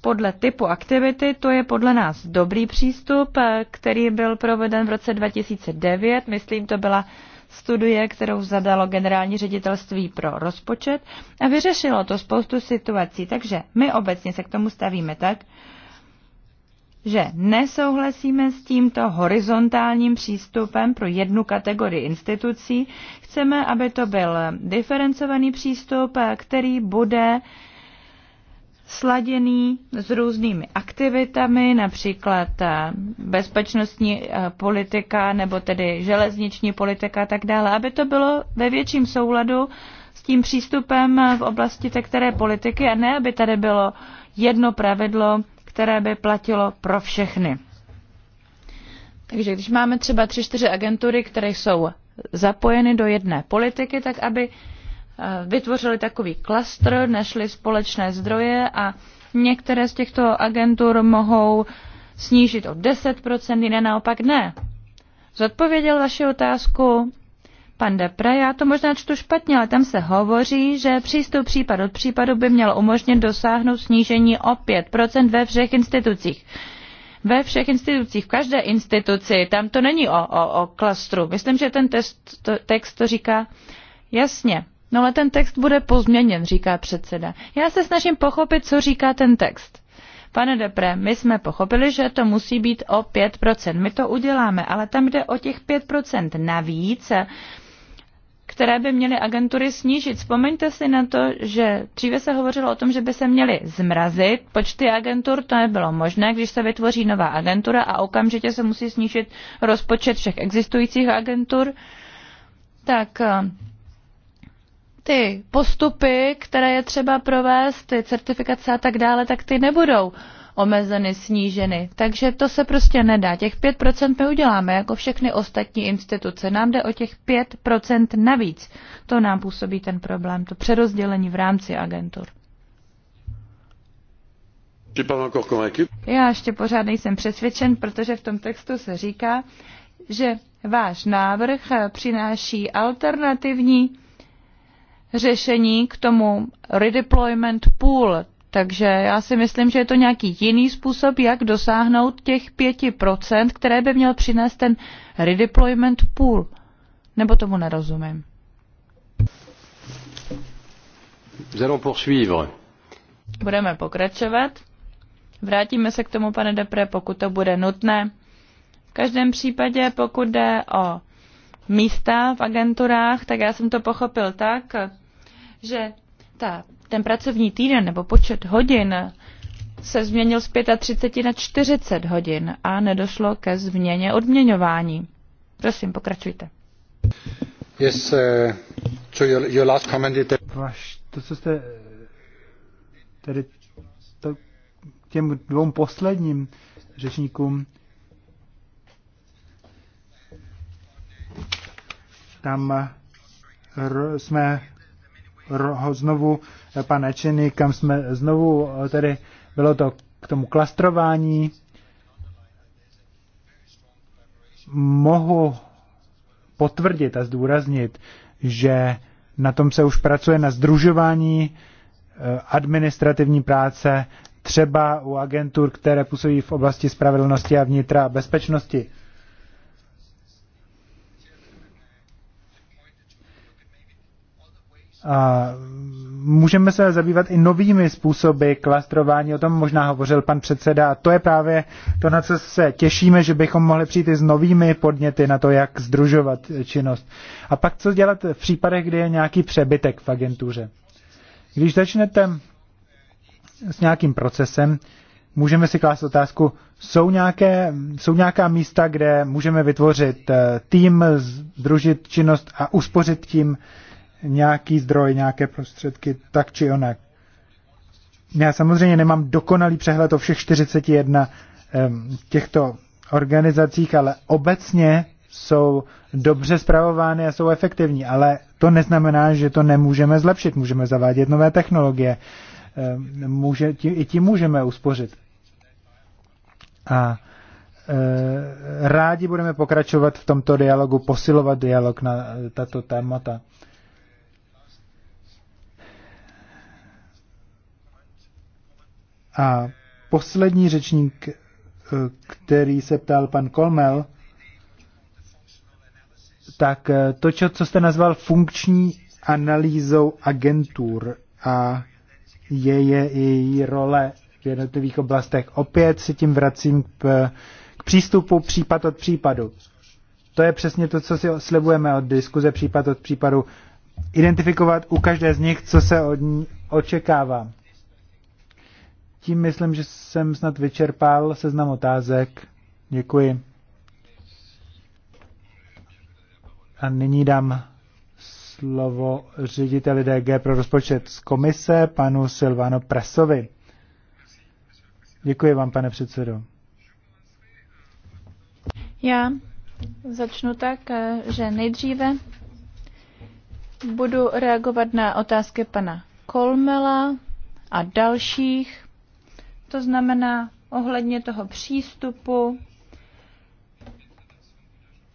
podle typu aktivity, to je podle nás dobrý přístup, eh, který byl proveden v roce 2009. Myslím, to byla studie, kterou zadalo generální ředitelství pro rozpočet a vyřešilo to spoustu situací. Takže my obecně se k tomu stavíme tak, že nesouhlasíme s tímto horizontálním přístupem pro jednu kategorii institucí. Chceme, aby to byl diferencovaný přístup, eh, který bude uh, sladěný s různými aktivitami, například eh, bezpečnostní eh, politika nebo tedy železniční politika a tak dále, aby to bylo ve větším souladu s tím přístupem eh, v oblasti té které politiky a ne, aby tady bylo jedno pravidlo, které by platilo pro všechny. Takže když máme třeba tři, čtyři agentury, které jsou zapojeny do jedné politiky, tak aby Eh, vytvořili takový klastr, našli společné zdroje a některé z těchto agentur mohou snížit o 10%, jiné naopak ne. Zodpověděl vaši otázku pan Depre, já to možná čtu špatně, ale tam se hovoří, že přístup případ od případu by měl umožnit dosáhnout snížení o 5% ve všech institucích. Ve všech institucích, v každé instituci, tam to není o, o, o klastru. Myslím, že ten test, to, text to říká jasně. No ale ten text bude pozměněn, říká předseda. Já se snažím pochopit, co říká ten text. Pane Depre, my jsme pochopili, že to musí být o 5%. My to uděláme, ale tam jde o těch 5% navíc, které by měly agentury snížit. Vzpomeňte si na to, že dříve se hovořilo o tom, že by se měly zmrazit počty agentur, to nebylo možné, když se vytvoří nová agentura a okamžitě se musí snížit rozpočet všech existujících agentur. Tak eh, ty postupy, které je třeba provést, ty certifikace a tak dále, tak ty nebudou omezeny, sníženy. Takže to se prostě nedá. Těch 5% my uděláme, jako všechny ostatní instituce. Nám jde o těch 5% navíc. To nám působí ten problém, to přerozdělení v rámci agentur. Já ještě pořád nejsem přesvědčen, protože v tom textu se říká, že váš návrh přináší alternativní řešení k tomu redeployment pool, takže já si myslím, že je to nějaký jiný způsob, jak dosáhnout těch 5%, které by měl přinést ten redeployment pool. Nebo tomu nerozumím. Budeme pokračovat. Vrátíme se k tomu, pane Depre, pokud to bude nutné. V každém případě, pokud jde o místa v agenturách, tak já jsem to pochopil tak, že ta, ten pracovní týden nebo počet hodin se změnil z 35 na 40 hodin a nedošlo ke změně odměňování. Prosím, pokračujte. Yes, uh, so your, your last comment is that... Vaš, to, co jste tedy to, těm dvou posledním řečníkům tam r, jsme ho znovu eh, pana Činy, kam jsme znovu, eh, tedy bylo to k tomu klastrování. Mohu potvrdit a zdůraznit, že na tom se už pracuje na združování eh, administrativní práce třeba u agentur, které působí v oblasti spravedlnosti a vnitra a bezpečnosti. A můžeme se zabývat i novými způsoby klastrování, o tom možná hovořil pan předseda. A to je právě to, na co se těšíme, že bychom mohli přijít i s novými podněty na to, jak združovat činnost. A pak co dělat v případech, kdy je nějaký přebytek v agentuře. Když začnete s nějakým procesem, můžeme si klást otázku, jsou, nějaké, jsou nějaká místa, kde můžeme vytvořit eh, tým, združit činnost a uspořit tím nějaký zdroj, nějaké prostředky, tak či onak. Já samozřejmě nemám dokonalý přehled o všech 41 těchto organizacích, ale obecně jsou dobře zpravovány a jsou efektivní, ale to neznamená, že to nemůžeme zlepšit. Můžeme zavádět nové technologie, může, tím, i tím můžeme uspořit. A eh, rádi budeme pokračovat v tomto dialogu, posilovat dialog na eh, tato témata. A poslední řečník, eh, který se ptal pan Kolmel, tak eh, to, co jste nazval funkční analýzou agentur a je, je její role v jednotlivých oblastech. Opět se tím vracím k, k přístupu případ od případu. To je přesně to, co si slibujeme od diskuze případ od případu. Identifikovat u každé z nich, co se od ní očekává tím myslím, že jsem snad vyčerpal seznam otázek. Děkuji. A nyní dám slovo řediteli DG pro rozpočet z komise, panu Silvano Presovi. Děkuji vám, pane předsedo. Já začnu tak, eh, že nejdříve budu reagovat na otázky pana Kolmela a dalších. To znamená ohledně toho přístupu,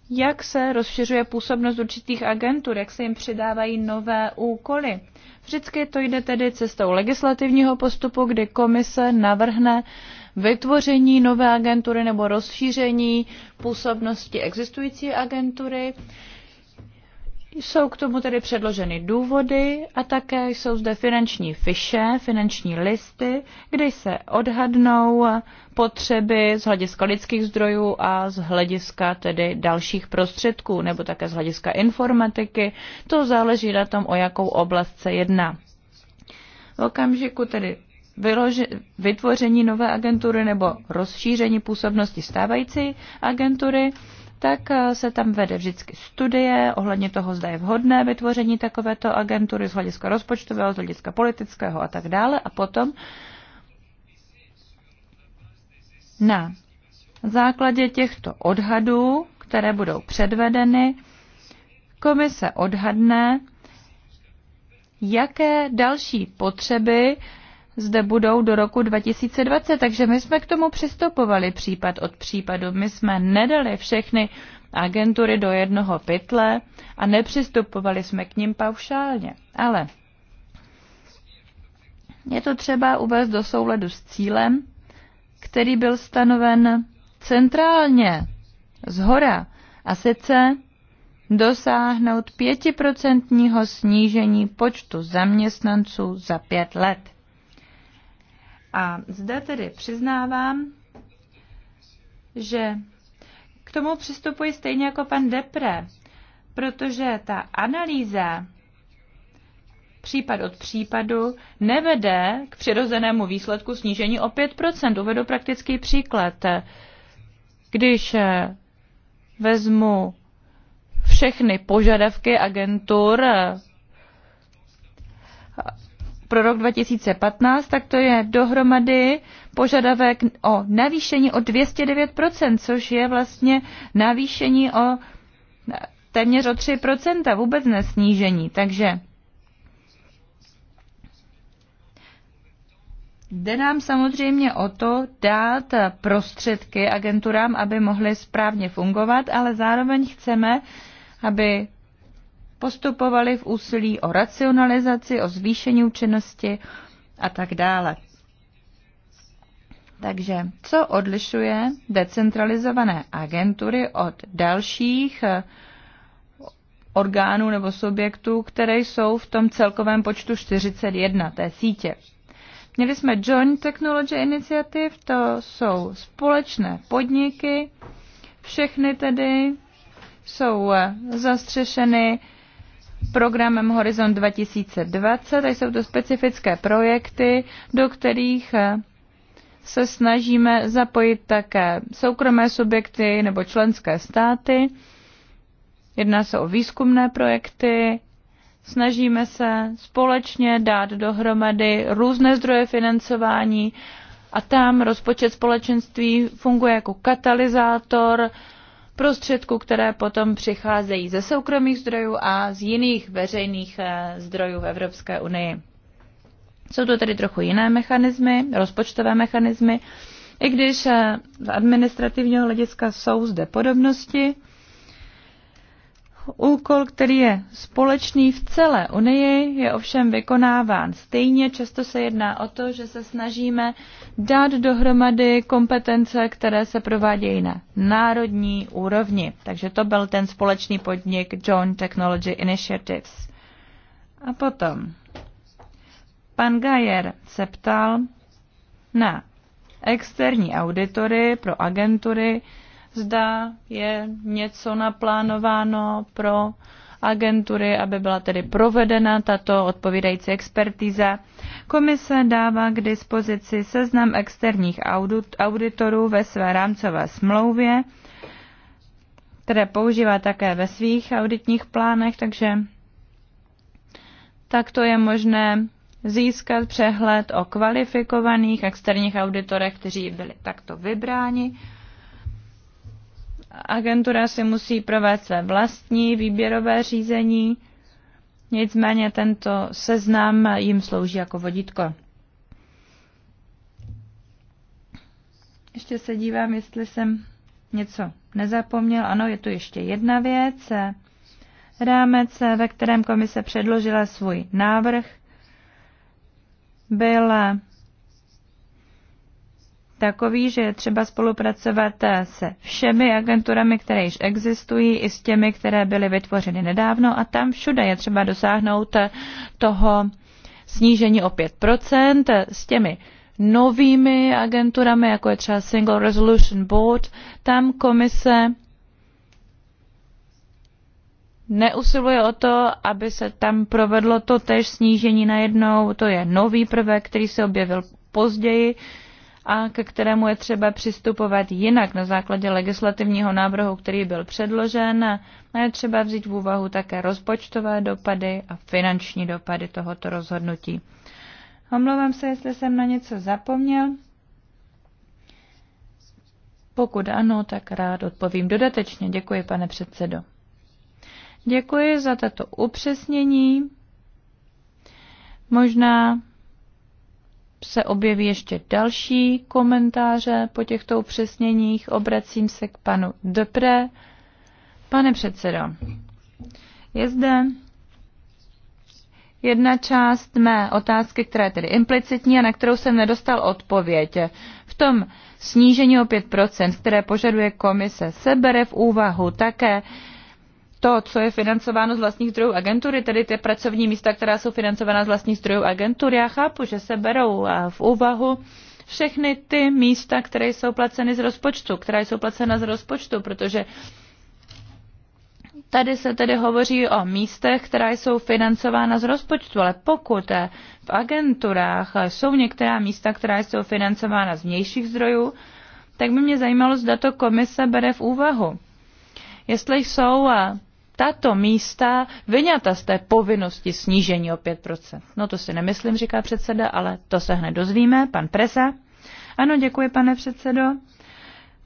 jak se rozšiřuje působnost určitých agentur, jak se jim přidávají nové úkoly. Vždycky to jde tedy cestou legislativního postupu, kdy komise navrhne vytvoření nové agentury nebo rozšíření působnosti existující agentury. Jsou k tomu tedy předloženy důvody a také jsou zde finanční fiše, finanční listy, kde se odhadnou potřeby z hlediska lidských zdrojů a z hlediska tedy dalších prostředků, nebo také z hlediska informatiky. To záleží na tom, o jakou oblast se jedná. V okamžiku tedy vyloži, vytvoření nové agentury nebo rozšíření působnosti stávající agentury tak eh, se tam vede vždycky studie ohledně toho, zda je vhodné vytvoření takovéto agentury z hlediska rozpočtového, z hlediska politického a tak dále. A potom na základě těchto odhadů, které budou předvedeny, komise odhadne, jaké další potřeby zde budou do roku 2020, takže my jsme k tomu přistupovali případ od případu. My jsme nedali všechny agentury do jednoho pytle a nepřistupovali jsme k ním paušálně. Ale je to třeba uvést do souladu s cílem, který byl stanoven centrálně, z hora, a sice dosáhnout pětiprocentního snížení počtu zaměstnanců za pět let. A zde tedy přiznávám, že k tomu přistupuji stejně jako pan Depre, protože ta analýza případ od případu nevede k přirozenému výsledku snížení o 5%. Uvedu praktický příklad. Když vezmu všechny požadavky agentur pro rok 2015, tak to je dohromady požadavek o navýšení o 209%, což je vlastně navýšení o téměř o 3%, vůbec nesnížení. Takže Jde nám samozřejmě o to dát prostředky agenturám, aby mohly správně fungovat, ale zároveň chceme, aby postupovali v úsilí o racionalizaci, o zvýšení účinnosti a tak dále. Takže co odlišuje decentralizované agentury od dalších eh, orgánů nebo subjektů, které jsou v tom celkovém počtu 41 té sítě? Měli jsme Joint Technology Initiative, to jsou společné podniky, všechny tedy jsou eh, zastřešeny programem Horizon 2020, tak jsou to specifické projekty, do kterých eh, se snažíme zapojit také soukromé subjekty nebo členské státy. Jedná se o výzkumné projekty. Snažíme se společně dát dohromady různé zdroje financování a tam rozpočet společenství funguje jako katalyzátor prostředků, které potom přicházejí ze soukromých zdrojů a z jiných veřejných eh, zdrojů v Evropské unii. Jsou to tedy trochu jiné mechanismy, rozpočtové mechanismy, i když eh, z administrativního hlediska jsou zde podobnosti, Úkol, který je společný v celé Unii, je ovšem vykonáván stejně. Často se jedná o to, že se snažíme dát dohromady kompetence, které se provádějí na národní úrovni. Takže to byl ten společný podnik Joint Technology Initiatives. A potom pan Gajer se ptal na externí auditory pro agentury, zda je něco naplánováno pro agentury, aby byla tedy provedena tato odpovídající expertíza. Komise dává k dispozici seznam externích auditorů ve své rámcové smlouvě, které používá také ve svých auditních plánech, takže takto je možné získat přehled o kvalifikovaných externích auditorech, kteří byli takto vybráni agentura si musí provést své vlastní výběrové řízení, nicméně tento seznam jim slouží jako vodítko. Ještě se dívám, jestli jsem něco nezapomněl. Ano, je tu ještě jedna věc. Rámec, ve kterém komise předložila svůj návrh, byl takový, že je třeba spolupracovat se všemi agenturami, které již existují, i s těmi, které byly vytvořeny nedávno a tam všude je třeba dosáhnout toho snížení o 5% s těmi novými agenturami, jako je třeba Single Resolution Board, tam komise neusiluje o to, aby se tam provedlo to tež snížení najednou, to je nový prvek, který se objevil později, a ke kterému je třeba přistupovat jinak na základě legislativního návrhu, který byl předložen a je třeba vzít v úvahu také rozpočtové dopady a finanční dopady tohoto rozhodnutí. Omlouvám se, jestli jsem na něco zapomněl. Pokud ano, tak rád odpovím dodatečně. Děkuji, pane předsedo. Děkuji za tato upřesnění. Možná se objeví ještě další komentáře po těchto upřesněních, obracím se k panu Depre. Pane předsedo, je zde jedna část mé otázky, která je tedy implicitní a na kterou jsem nedostal odpověď. V tom snížení o 5%, které požaduje komise, se bere v úvahu také to, co je financováno z vlastních zdrojů agentury, tedy ty pracovní místa, která jsou financována z vlastních zdrojů agentury. Já chápu, že se berou eh, v úvahu všechny ty místa, které jsou placeny z rozpočtu, která jsou placena z rozpočtu, protože tady se tedy hovoří o místech, která jsou financována z rozpočtu, ale pokud eh, v agenturách eh, jsou některá místa, která jsou financována z vnějších zdrojů, tak by mě zajímalo, zda to komise bere v úvahu jestli jsou tato místa vyňata z té povinnosti snížení o 5%. No to si nemyslím, říká předseda, ale to se hned dozvíme. Pan Presa. Ano, děkuji, pane předsedo.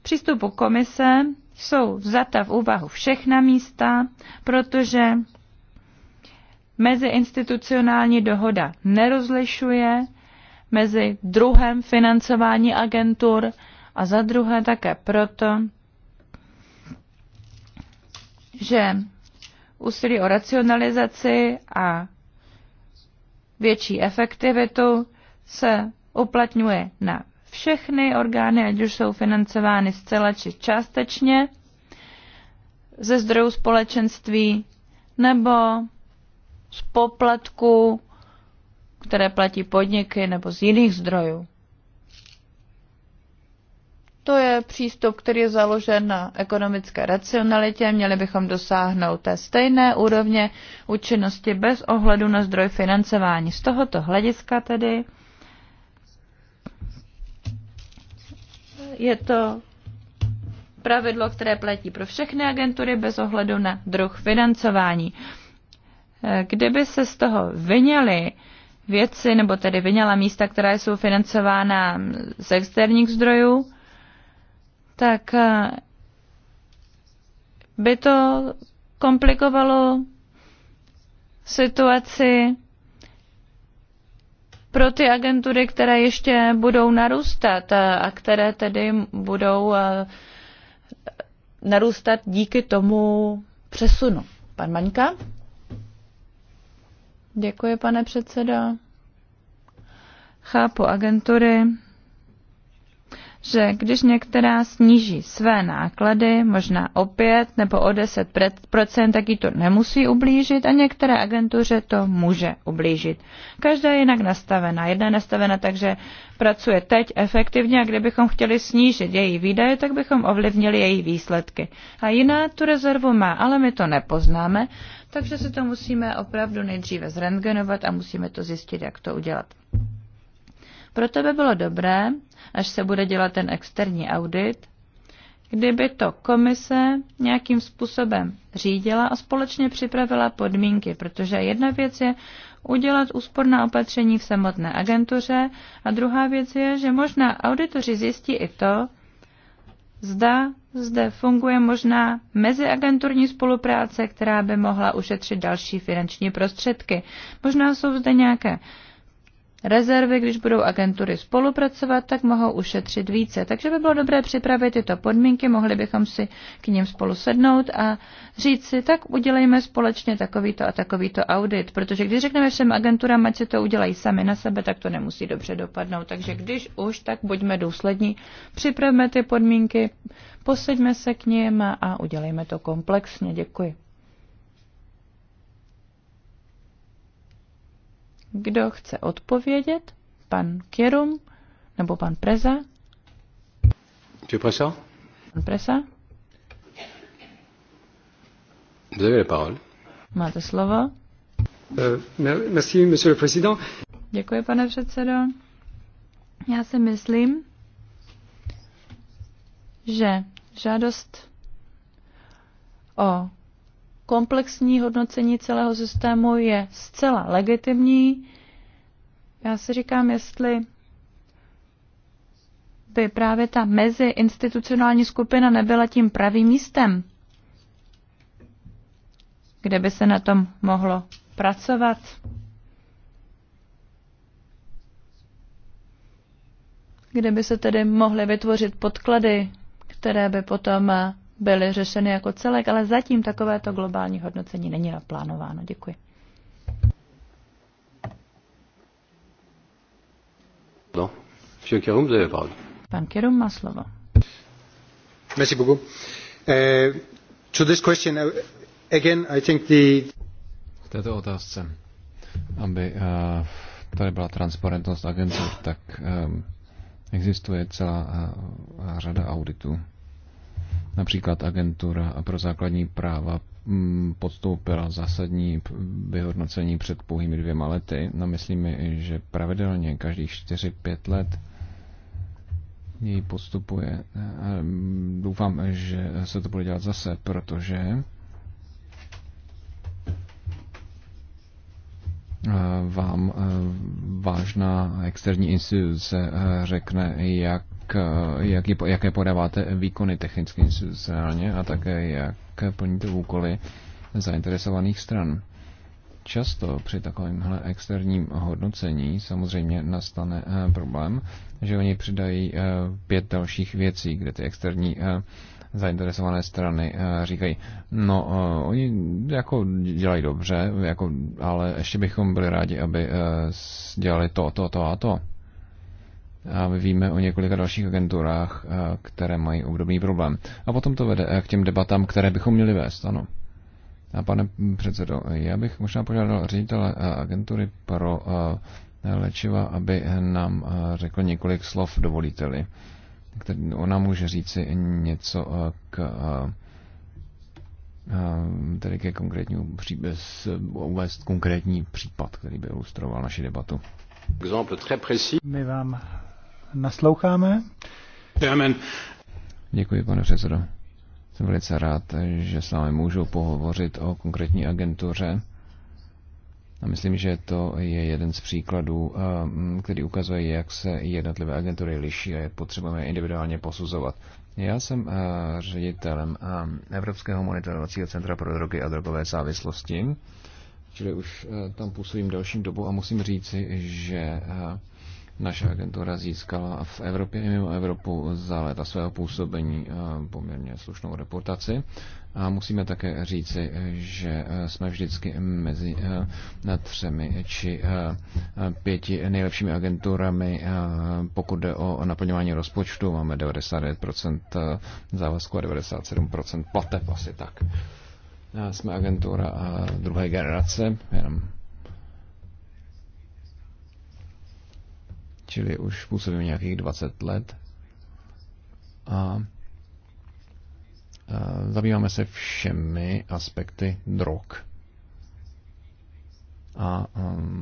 přístupu komise jsou vzata v úvahu všechna místa, protože meziinstitucionální dohoda nerozlišuje mezi druhem financování agentur a za druhé také proto, že úsilí o racionalizaci a větší efektivitu se uplatňuje na všechny orgány, ať už jsou financovány zcela či částečně ze zdrojů společenství nebo z poplatků, které platí podniky nebo z jiných zdrojů. To je přístup, který je založen na ekonomické racionalitě. Měli bychom dosáhnout té stejné úrovně účinnosti bez ohledu na zdroj financování. Z tohoto hlediska tedy je to pravidlo, které platí pro všechny agentury bez ohledu na druh financování. Kdyby se z toho vyněly věci, nebo tedy vyněla místa, která jsou financována z externích zdrojů, tak eh, by to komplikovalo situaci pro ty agentury, které ještě budou narůstat eh, a které tedy budou eh, narůstat díky tomu přesunu. Pan Maňka? Děkuji, pane předseda. Chápu agentury že když některá sníží své náklady, možná o 5 nebo o 10 tak jí to nemusí ublížit a některé agentuře to může ublížit. Každá je jinak nastavena. Jedna je nastavena tak, že pracuje teď efektivně a kdybychom chtěli snížit její výdaje, tak bychom ovlivnili její výsledky. A jiná tu rezervu má, ale my to nepoznáme, takže si to musíme opravdu nejdříve zrentgenovat a musíme to zjistit, jak to udělat. Proto by bylo dobré, až se bude dělat ten externí audit, kdyby to komise nějakým způsobem řídila a společně připravila podmínky, protože jedna věc je udělat úsporná opatření v samotné agentuře a druhá věc je, že možná auditoři zjistí i to, zda zde funguje možná meziagenturní spolupráce, která by mohla ušetřit další finanční prostředky. Možná jsou zde nějaké rezervy, když budou agentury spolupracovat, tak mohou ušetřit více. Takže by bylo dobré připravit tyto podmínky, mohli bychom si k ním spolu sednout a říct si, tak udělejme společně takovýto a takovýto audit. Protože když řekneme všem agenturám, ať si to udělají sami na sebe, tak to nemusí dobře dopadnout. Takže když už, tak buďme důslední, připravme ty podmínky, posedme se k ním a udělejme to komplexně. Děkuji. Kdo chce odpovědět? Pan Kierum nebo pan Preza? Monsieur Presa? Pan Presa? Vous avez la parole. Máte slovo. Uh, merci, monsieur le président. Děkuji, pane předsedo. Já si myslím, že žádost o komplexní hodnocení celého systému je zcela legitimní. Já si říkám, jestli by právě ta meziinstitucionální skupina nebyla tím pravým místem, kde by se na tom mohlo pracovat. Kde by se tedy mohly vytvořit podklady, které by potom byly řešeny jako celek, ale zatím takovéto globální hodnocení není naplánováno. Děkuji. No. Pan Kerum má slovo. Merci beaucoup. Uh, to this question, eh, again, I think the... V této otázce, aby uh, tady byla transparentnost agentur, tak um, existuje celá uh, řada auditů Například agentura pro základní práva mm, podstoupila zásadní vyhodnocení před pouhými dvěma lety. No, myslím, že pravidelně každých 4-5 let její postupuje. Mm, doufám, že se to bude dělat zase, protože eh, vám eh, vážná externí instituce eh, řekne, jak jaký, jaké podáváte výkony technicky sociálně a také jak plníte úkoly zainteresovaných stran. Často při takovémhle externím hodnocení samozřejmě nastane eh, problém, že oni přidají eh, pět dalších věcí, kde ty externí eh, zainteresované strany říkají, no oni jako dělají dobře, jako, ale ještě bychom byli rádi, aby dělali to, to, to a to. A my víme o několika dalších agenturách, které mají obdobný problém. A potom to vede eh, k těm debatám, které bychom měli vést, ano. A pane předsedo, já bych možná požádal ředitele eh, agentury pro eh, léčiva, aby nám řekl několik slov, dovolíteli. Ona může říci něco k tedy ke konkrétnímu příběz, uvést konkrétní případ, který by ilustroval naši debatu. My vám nasloucháme. Amen. Děkuji, pane předsedo. Jsem velice rád, že s vámi můžu pohovořit o konkrétní agentuře. A myslím, že to je jeden z příkladů, eh, který ukazuje, jak se jednotlivé agentury liší a jak potřebujeme individuálně posuzovat. Já jsem eh, ředitelem eh, Evropského monitorovacího centra pro drogy a drogové závislosti, čili už tam působím další dobu a musím říci, že naše agentura získala v Evropě i mimo Evropu za léta svého působení eh, poměrně slušnou reputaci. A musíme také říci, že eh, jsme vždycky mezi eh, třemi či pěti nejlepšími agenturami, pokud jde o naplňování rozpočtu. Máme 99% závazku a 97% plateb asi tak. Jsme agentura druhé generace, jenom čili už působím nějakých 20 let. A zabýváme se všemi aspekty drog. A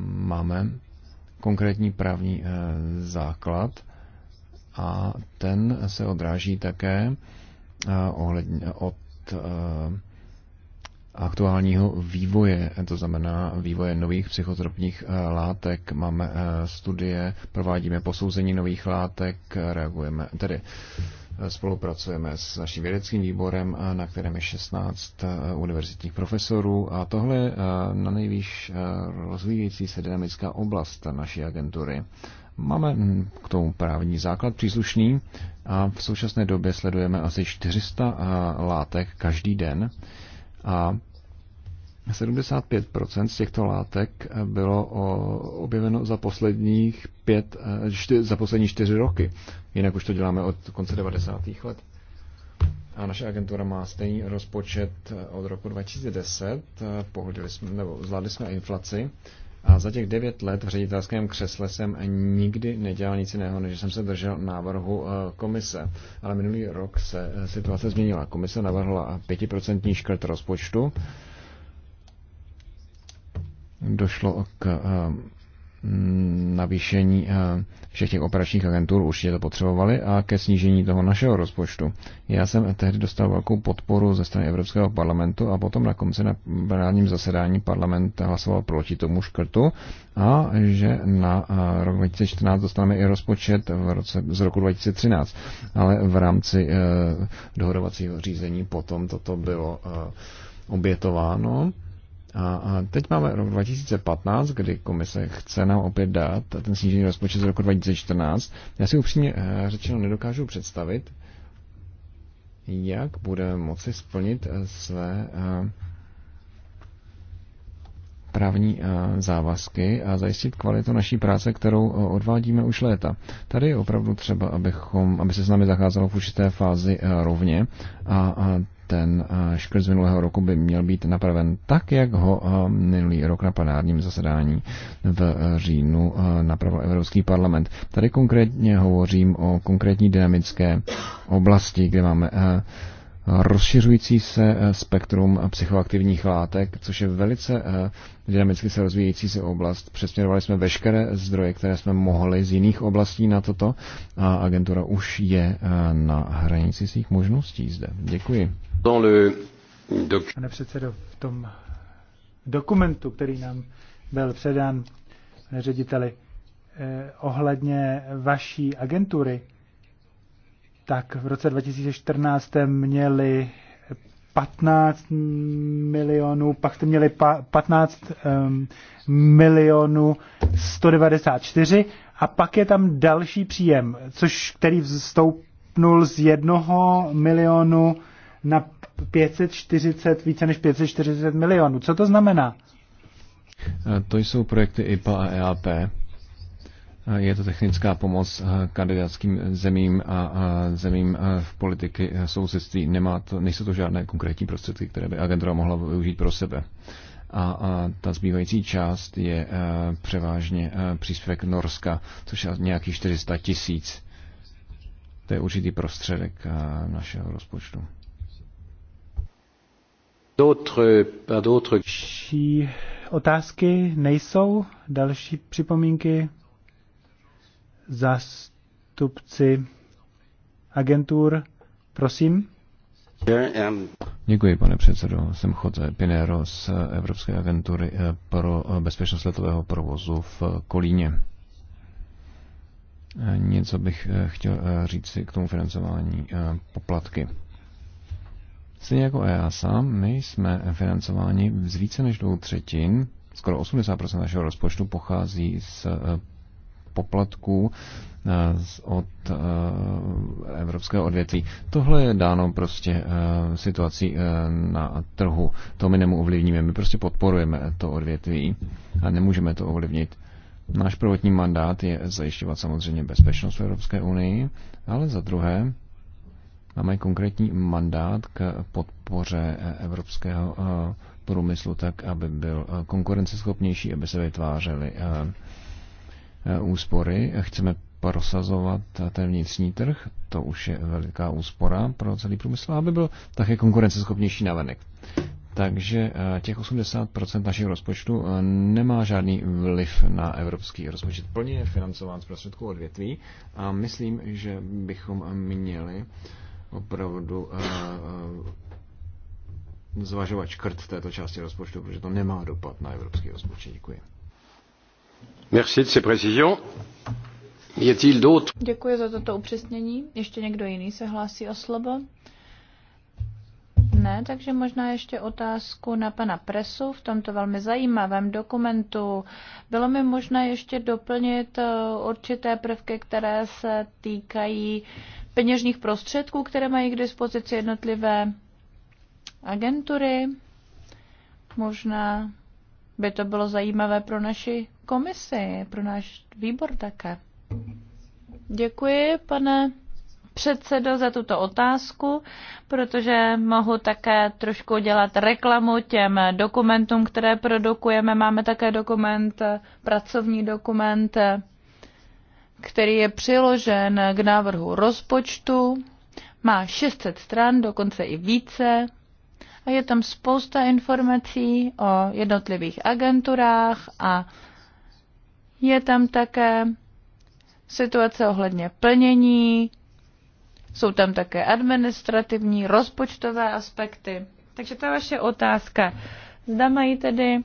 máme konkrétní právní e, základ a ten se odráží také e, ohledně od e, aktuálního vývoje, to znamená vývoje nových psychotropních eh, látek. Máme eh, studie, provádíme posouzení nových látek, reagujeme, tedy eh, spolupracujeme s naším vědeckým výborem, na kterém je 16 univerzitních profesorů a tohle je na nejvýš rozvíjející se dynamická oblast naší agentury. Máme hm, k tomu právní základ příslušný a v současné době sledujeme asi 400 látek každý den a 75% z těchto látek bylo objeveno za posledních pět, eh, čty, za poslední čtyři roky. Jinak už to děláme od konce 90. let. A naše agentura má stejný rozpočet eh, od roku 2010. Eh, pohodili jsme, nebo zvládli jsme inflaci. A za těch devět let v ředitelském křesle jsem nikdy nedělal nic jiného, než jsem se držel návrhu komise. Ale minulý rok se situace změnila. Komise navrhla 5% škrt rozpočtu došlo k eh, navýšení eh, všech těch operačních agentur, určitě to potřebovali, a ke snížení toho našeho rozpočtu. Já jsem tehdy dostal velkou podporu ze strany Evropského parlamentu a potom na konci na plenárním zasedání parlament hlasoval proti tomu škrtu a že na eh, rok 2014 dostaneme i rozpočet v roce, z roku 2013. Ale v rámci dohodovacího řízení potom toto bylo obětováno a teď máme rok 2015, kdy komise chce nám opět dát ten snížený rozpočet z roku 2014. Já si upřímně eh, řečeno nedokážu představit, jak bude moci splnit eh, své eh, právní závazky a zajistit kvalitu naší práce, kterou odvádíme už léta. Tady je opravdu třeba, abychom, aby se s námi zacházelo v určité fázi rovně a ten eh, škrt z minulého roku by měl být napraven tak, jak ho eh, minulý rok na plenárním zasedání v eh, říjnu napravil Evropský parlament. Tady konkrétně hovořím o konkrétní dynamické oblasti, kde máme rozšiřující se eh, spektrum psychoaktivních látek, což je velice eh, dynamicky se rozvíjející se oblast. Přesměrovali jsme veškeré zdroje, které jsme mohli z jiných oblastí na toto a agentura už je eh, na hranici svých možností zde. Děkuji. Pane předsedo, v tom dokumentu, který nám byl předán, pane řediteli, eh, ohledně vaší agentury, tak v roce 2014 měli 15 milionů, pak jste měli 15 um, milionů 194 a pak je tam další příjem, což který vstoupnul z jednoho milionu na 540, více než 540 milionů. Co to znamená? E, to jsou projekty IPA a EAP je to technická pomoc eh, kandidátským zemím a zemím eh, v politiky eh, sousedství. Nemá to, nejsou to žádné konkrétní prostředky, které by agentura mohla využít pro sebe. A, a ta zbývající část je a, převážně a, příspěvek Norska, což je nějakých 400 tisíc. To je určitý prostředek a, našeho rozpočtu. Další otázky nejsou? Další připomínky? zástupci agentur. Prosím. Děkuji, pane předsedo. Jsem Chodze Pinero z Evropské agentury eh, pro eh, bezpečnost letového provozu v Kolíně. Eh, něco bych chtěl říct si k tomu financování poplatky. Stejně jako EASA, my jsme financováni z více než dvou třetin, skoro 80% našeho rozpočtu pochází z poplatků eh, od eh, evropského odvětví. Tohle je dáno prostě eh, situací na trhu. To my ovlivníme. My prostě podporujeme to odvětví a nemůžeme to ovlivnit. Náš prvotní mandát je zajišťovat samozřejmě bezpečnost v Evropské unii, ale za druhé máme konkrétní mandát k podpoře evropského průmyslu tak, aby byl konkurenceschopnější, aby se vytvářely Eh, úspory. Chceme prosazovat ten vnitřní trh, to už je veliká úspora pro celý průmysl, aby byl také konkurenceschopnější navenek. Takže eh, těch 80% našich rozpočtu eh, nemá žádný vliv na evropský rozpočet. Plně je financován z prostředků odvětví a myslím, že bychom měli opravdu zvažovat škrt v této části rozpočtu, protože to nemá dopad na evropský rozpočet. Děkuji. Děkuji za toto upřesnění. Ještě někdo jiný se hlásí o slovo? Ne, takže možná ještě otázku na pana Presu v tomto velmi zajímavém dokumentu. Bylo mi možné ještě doplnit eh, určité prvky, které se týkají peněžních prostředků, které mají k dispozici jednotlivé agentury. Možná by to bylo zajímavé pro naši Komise pro náš výbor také. Děkuji, pane předsedo, za tuto otázku, protože mohu také trošku dělat reklamu těm dokumentům, které produkujeme. Máme také dokument, pracovní dokument, který je přiložen k návrhu rozpočtu. Má 600 stran, dokonce i více. A je tam spousta informací o jednotlivých agenturách a je tam také situace ohledně plnění, jsou tam také administrativní, rozpočtové aspekty. Takže ta vaše otázka, zda mají tedy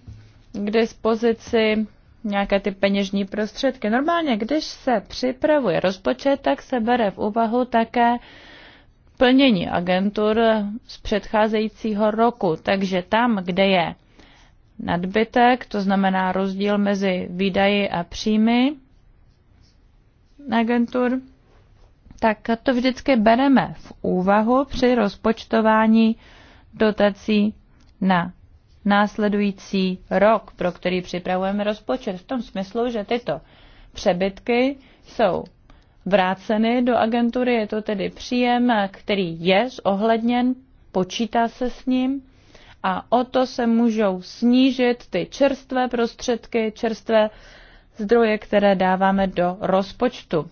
k dispozici nějaké ty peněžní prostředky. Normálně, když se připravuje rozpočet, tak se bere v úvahu také plnění agentur z předcházejícího roku. Takže tam, kde je nadbytek, to znamená rozdíl mezi výdaji a příjmy agentur, tak to vždycky bereme v úvahu při rozpočtování dotací na následující rok, pro který připravujeme rozpočet. V tom smyslu, že tyto přebytky jsou vráceny do agentury, je to tedy příjem, který je zohledněn, počítá se s ním a o to se můžou snížit ty čerstvé prostředky, čerstvé zdroje, které dáváme do rozpočtu.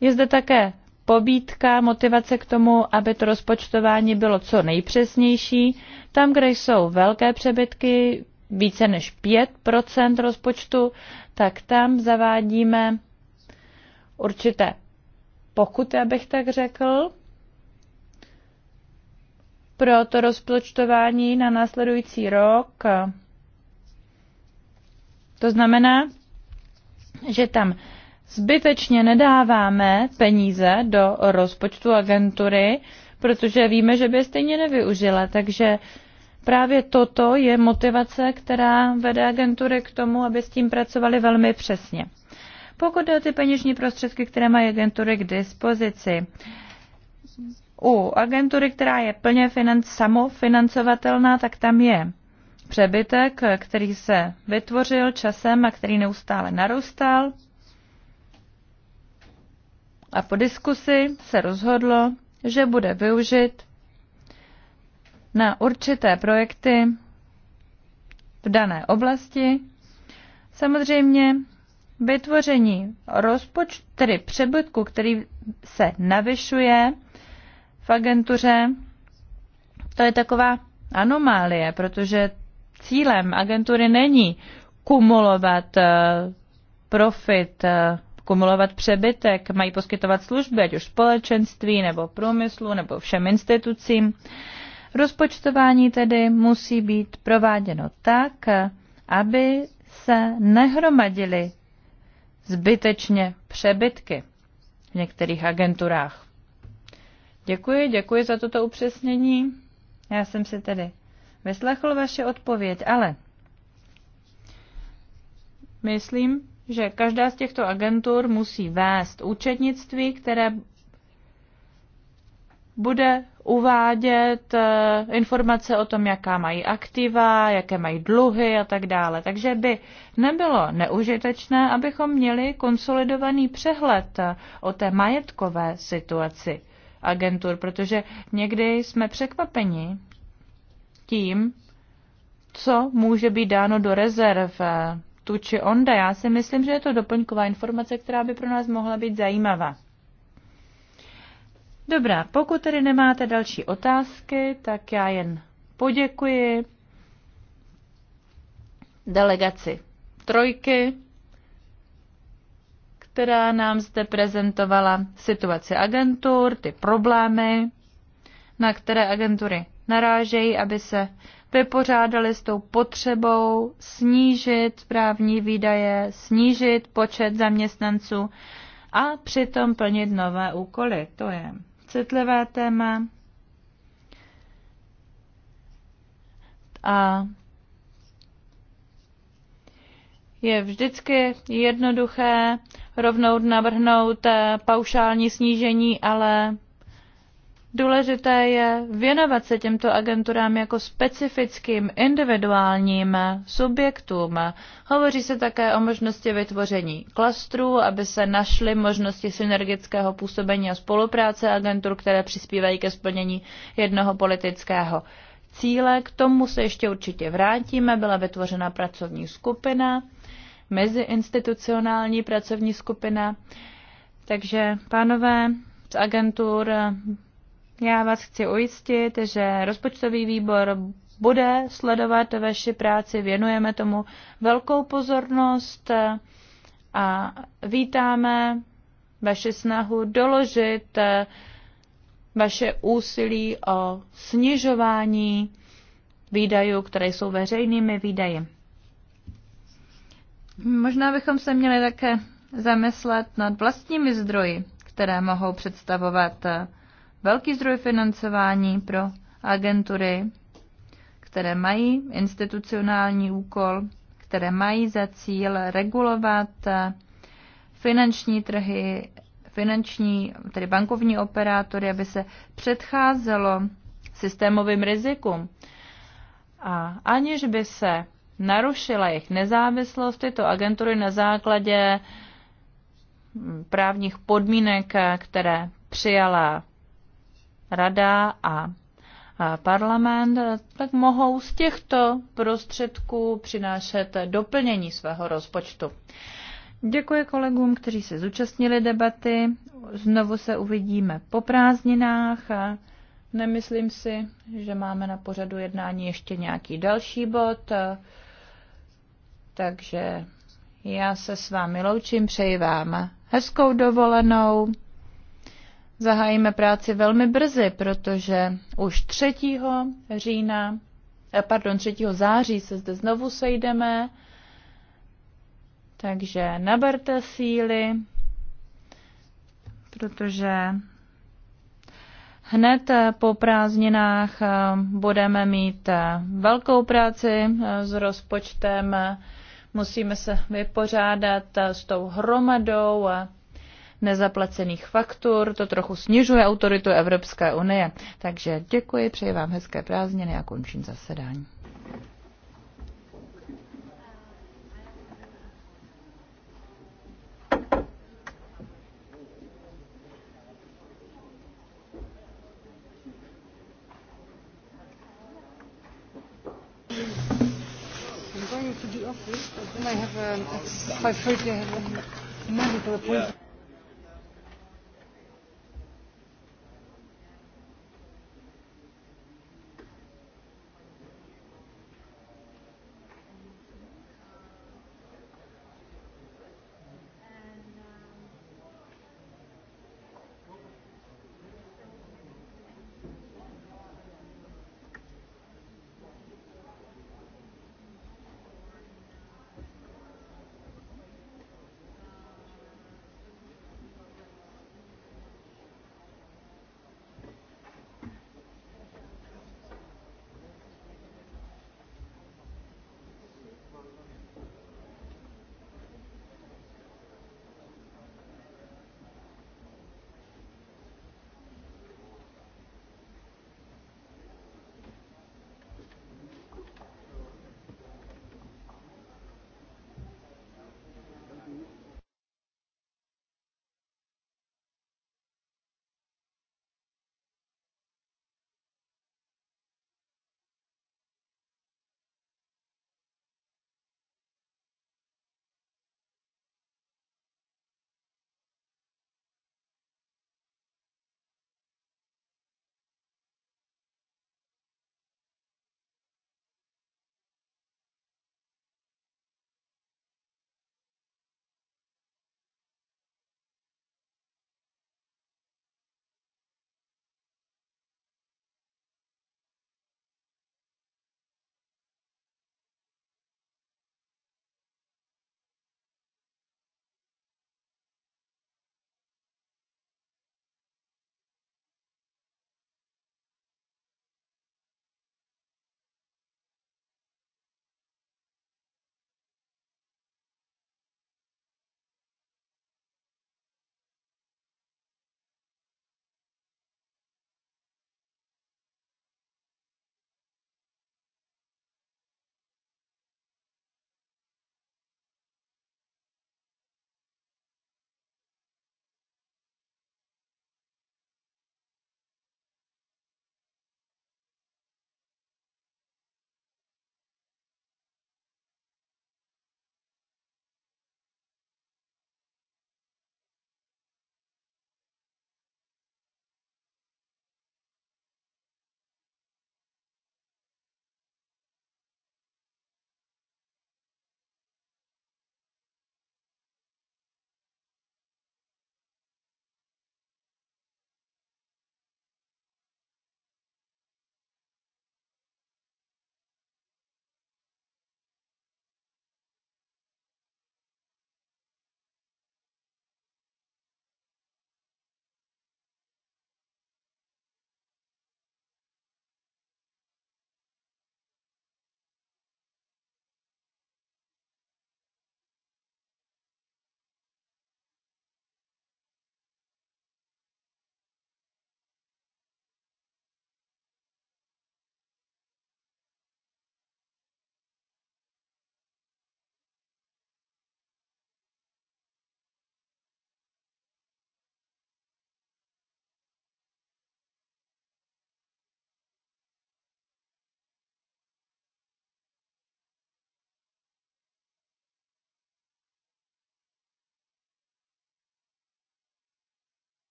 Je zde také pobídka, motivace k tomu, aby to rozpočtování bylo co nejpřesnější. Tam, kde jsou velké přebytky, více než 5 rozpočtu, tak tam zavádíme určité pokuty, abych tak řekl, pro to rozpočtování na následující rok. To znamená, že tam zbytečně nedáváme peníze do rozpočtu agentury, protože víme, že by je stejně nevyužila. Takže právě toto je motivace, která vede agentury k tomu, aby s tím pracovali velmi přesně. Pokud jde o ty peněžní prostředky, které mají agentury k dispozici, u agentury, která je plně financ, samofinancovatelná, tak tam je přebytek, který se vytvořil časem a který neustále narůstal. A po diskusi se rozhodlo, že bude využit na určité projekty v dané oblasti. Samozřejmě vytvoření rozpočtu, tedy přebytku, který se navyšuje, v agentuře, to je taková anomálie, protože cílem agentury není kumulovat eh, profit, eh, kumulovat přebytek, mají poskytovat služby, ať už společenství, nebo průmyslu, nebo všem institucím. Rozpočtování tedy musí být prováděno tak, aby se nehromadily zbytečně přebytky v některých agenturách. Děkuji, děkuji za toto upřesnění. Já jsem si tedy vyslechl vaše odpověď, ale myslím, že každá z těchto agentur musí vést účetnictví, které bude uvádět eh, informace o tom, jaká mají aktiva, jaké mají dluhy a tak dále. Takže by nebylo neužitečné, abychom měli konsolidovaný přehled o té majetkové situaci agentur, protože někdy jsme překvapeni tím, co může být dáno do rezerv eh, tu či onda. Já si myslím, že je to doplňková informace, která by pro nás mohla být zajímavá. Dobrá, pokud tedy nemáte další otázky, tak já jen poděkuji delegaci trojky která nám zde prezentovala situaci agentur, ty problémy, na které agentury narážejí, aby se vypořádali s tou potřebou snížit právní výdaje, snížit počet zaměstnanců a přitom plnit nové úkoly. To je citlivé téma. A je vždycky jednoduché rovnou navrhnout eh, paušální snížení, ale důležité je věnovat se těmto agenturám jako specifickým individuálním subjektům. Hovoří se také o možnosti vytvoření klastrů, aby se našly možnosti synergického působení a spolupráce agentur, které přispívají ke splnění jednoho politického cíle. K tomu se ještě určitě vrátíme. Byla vytvořena pracovní skupina meziinstitucionální pracovní skupina. Takže, pánové z agentur, já vás chci ujistit, že rozpočtový výbor bude sledovat vaši práci, věnujeme tomu velkou pozornost a vítáme vaši snahu doložit vaše úsilí o snižování výdajů, které jsou veřejnými výdaji. Možná bychom se měli také zamyslet nad vlastními zdroji, které mohou představovat eh, velký zdroj financování pro agentury, které mají institucionální úkol, které mají za cíl regulovat eh, finanční trhy, finanční, tedy bankovní operátory, aby se předcházelo systémovým rizikům. A aniž by se narušila jejich nezávislost tyto agentury na základě mm, právních podmínek, které přijala rada a parlament, tak mohou z těchto prostředků přinášet doplnění svého rozpočtu. Děkuji kolegům, kteří se zúčastnili debaty. Znovu se uvidíme po prázdninách. nemyslím si, že máme na pořadu jednání ještě nějaký další bod. Takže já se s vámi loučím, přeji vám hezkou dovolenou. Zahájíme práci velmi brzy, protože už 3. října, eh, pardon, 3. září se zde znovu sejdeme. Takže naberte síly, protože Hned po prázdninách eh, budeme mít eh, velkou práci s rozpočtem Musíme se vypořádat s tou hromadou nezaplacených faktur. To trochu snižuje autoritu Evropské unie. Takže děkuji, přeji vám hezké prázdniny a končím zasedání. office, but then I have a, at 5.30 I have a mandatory appointment. Yeah.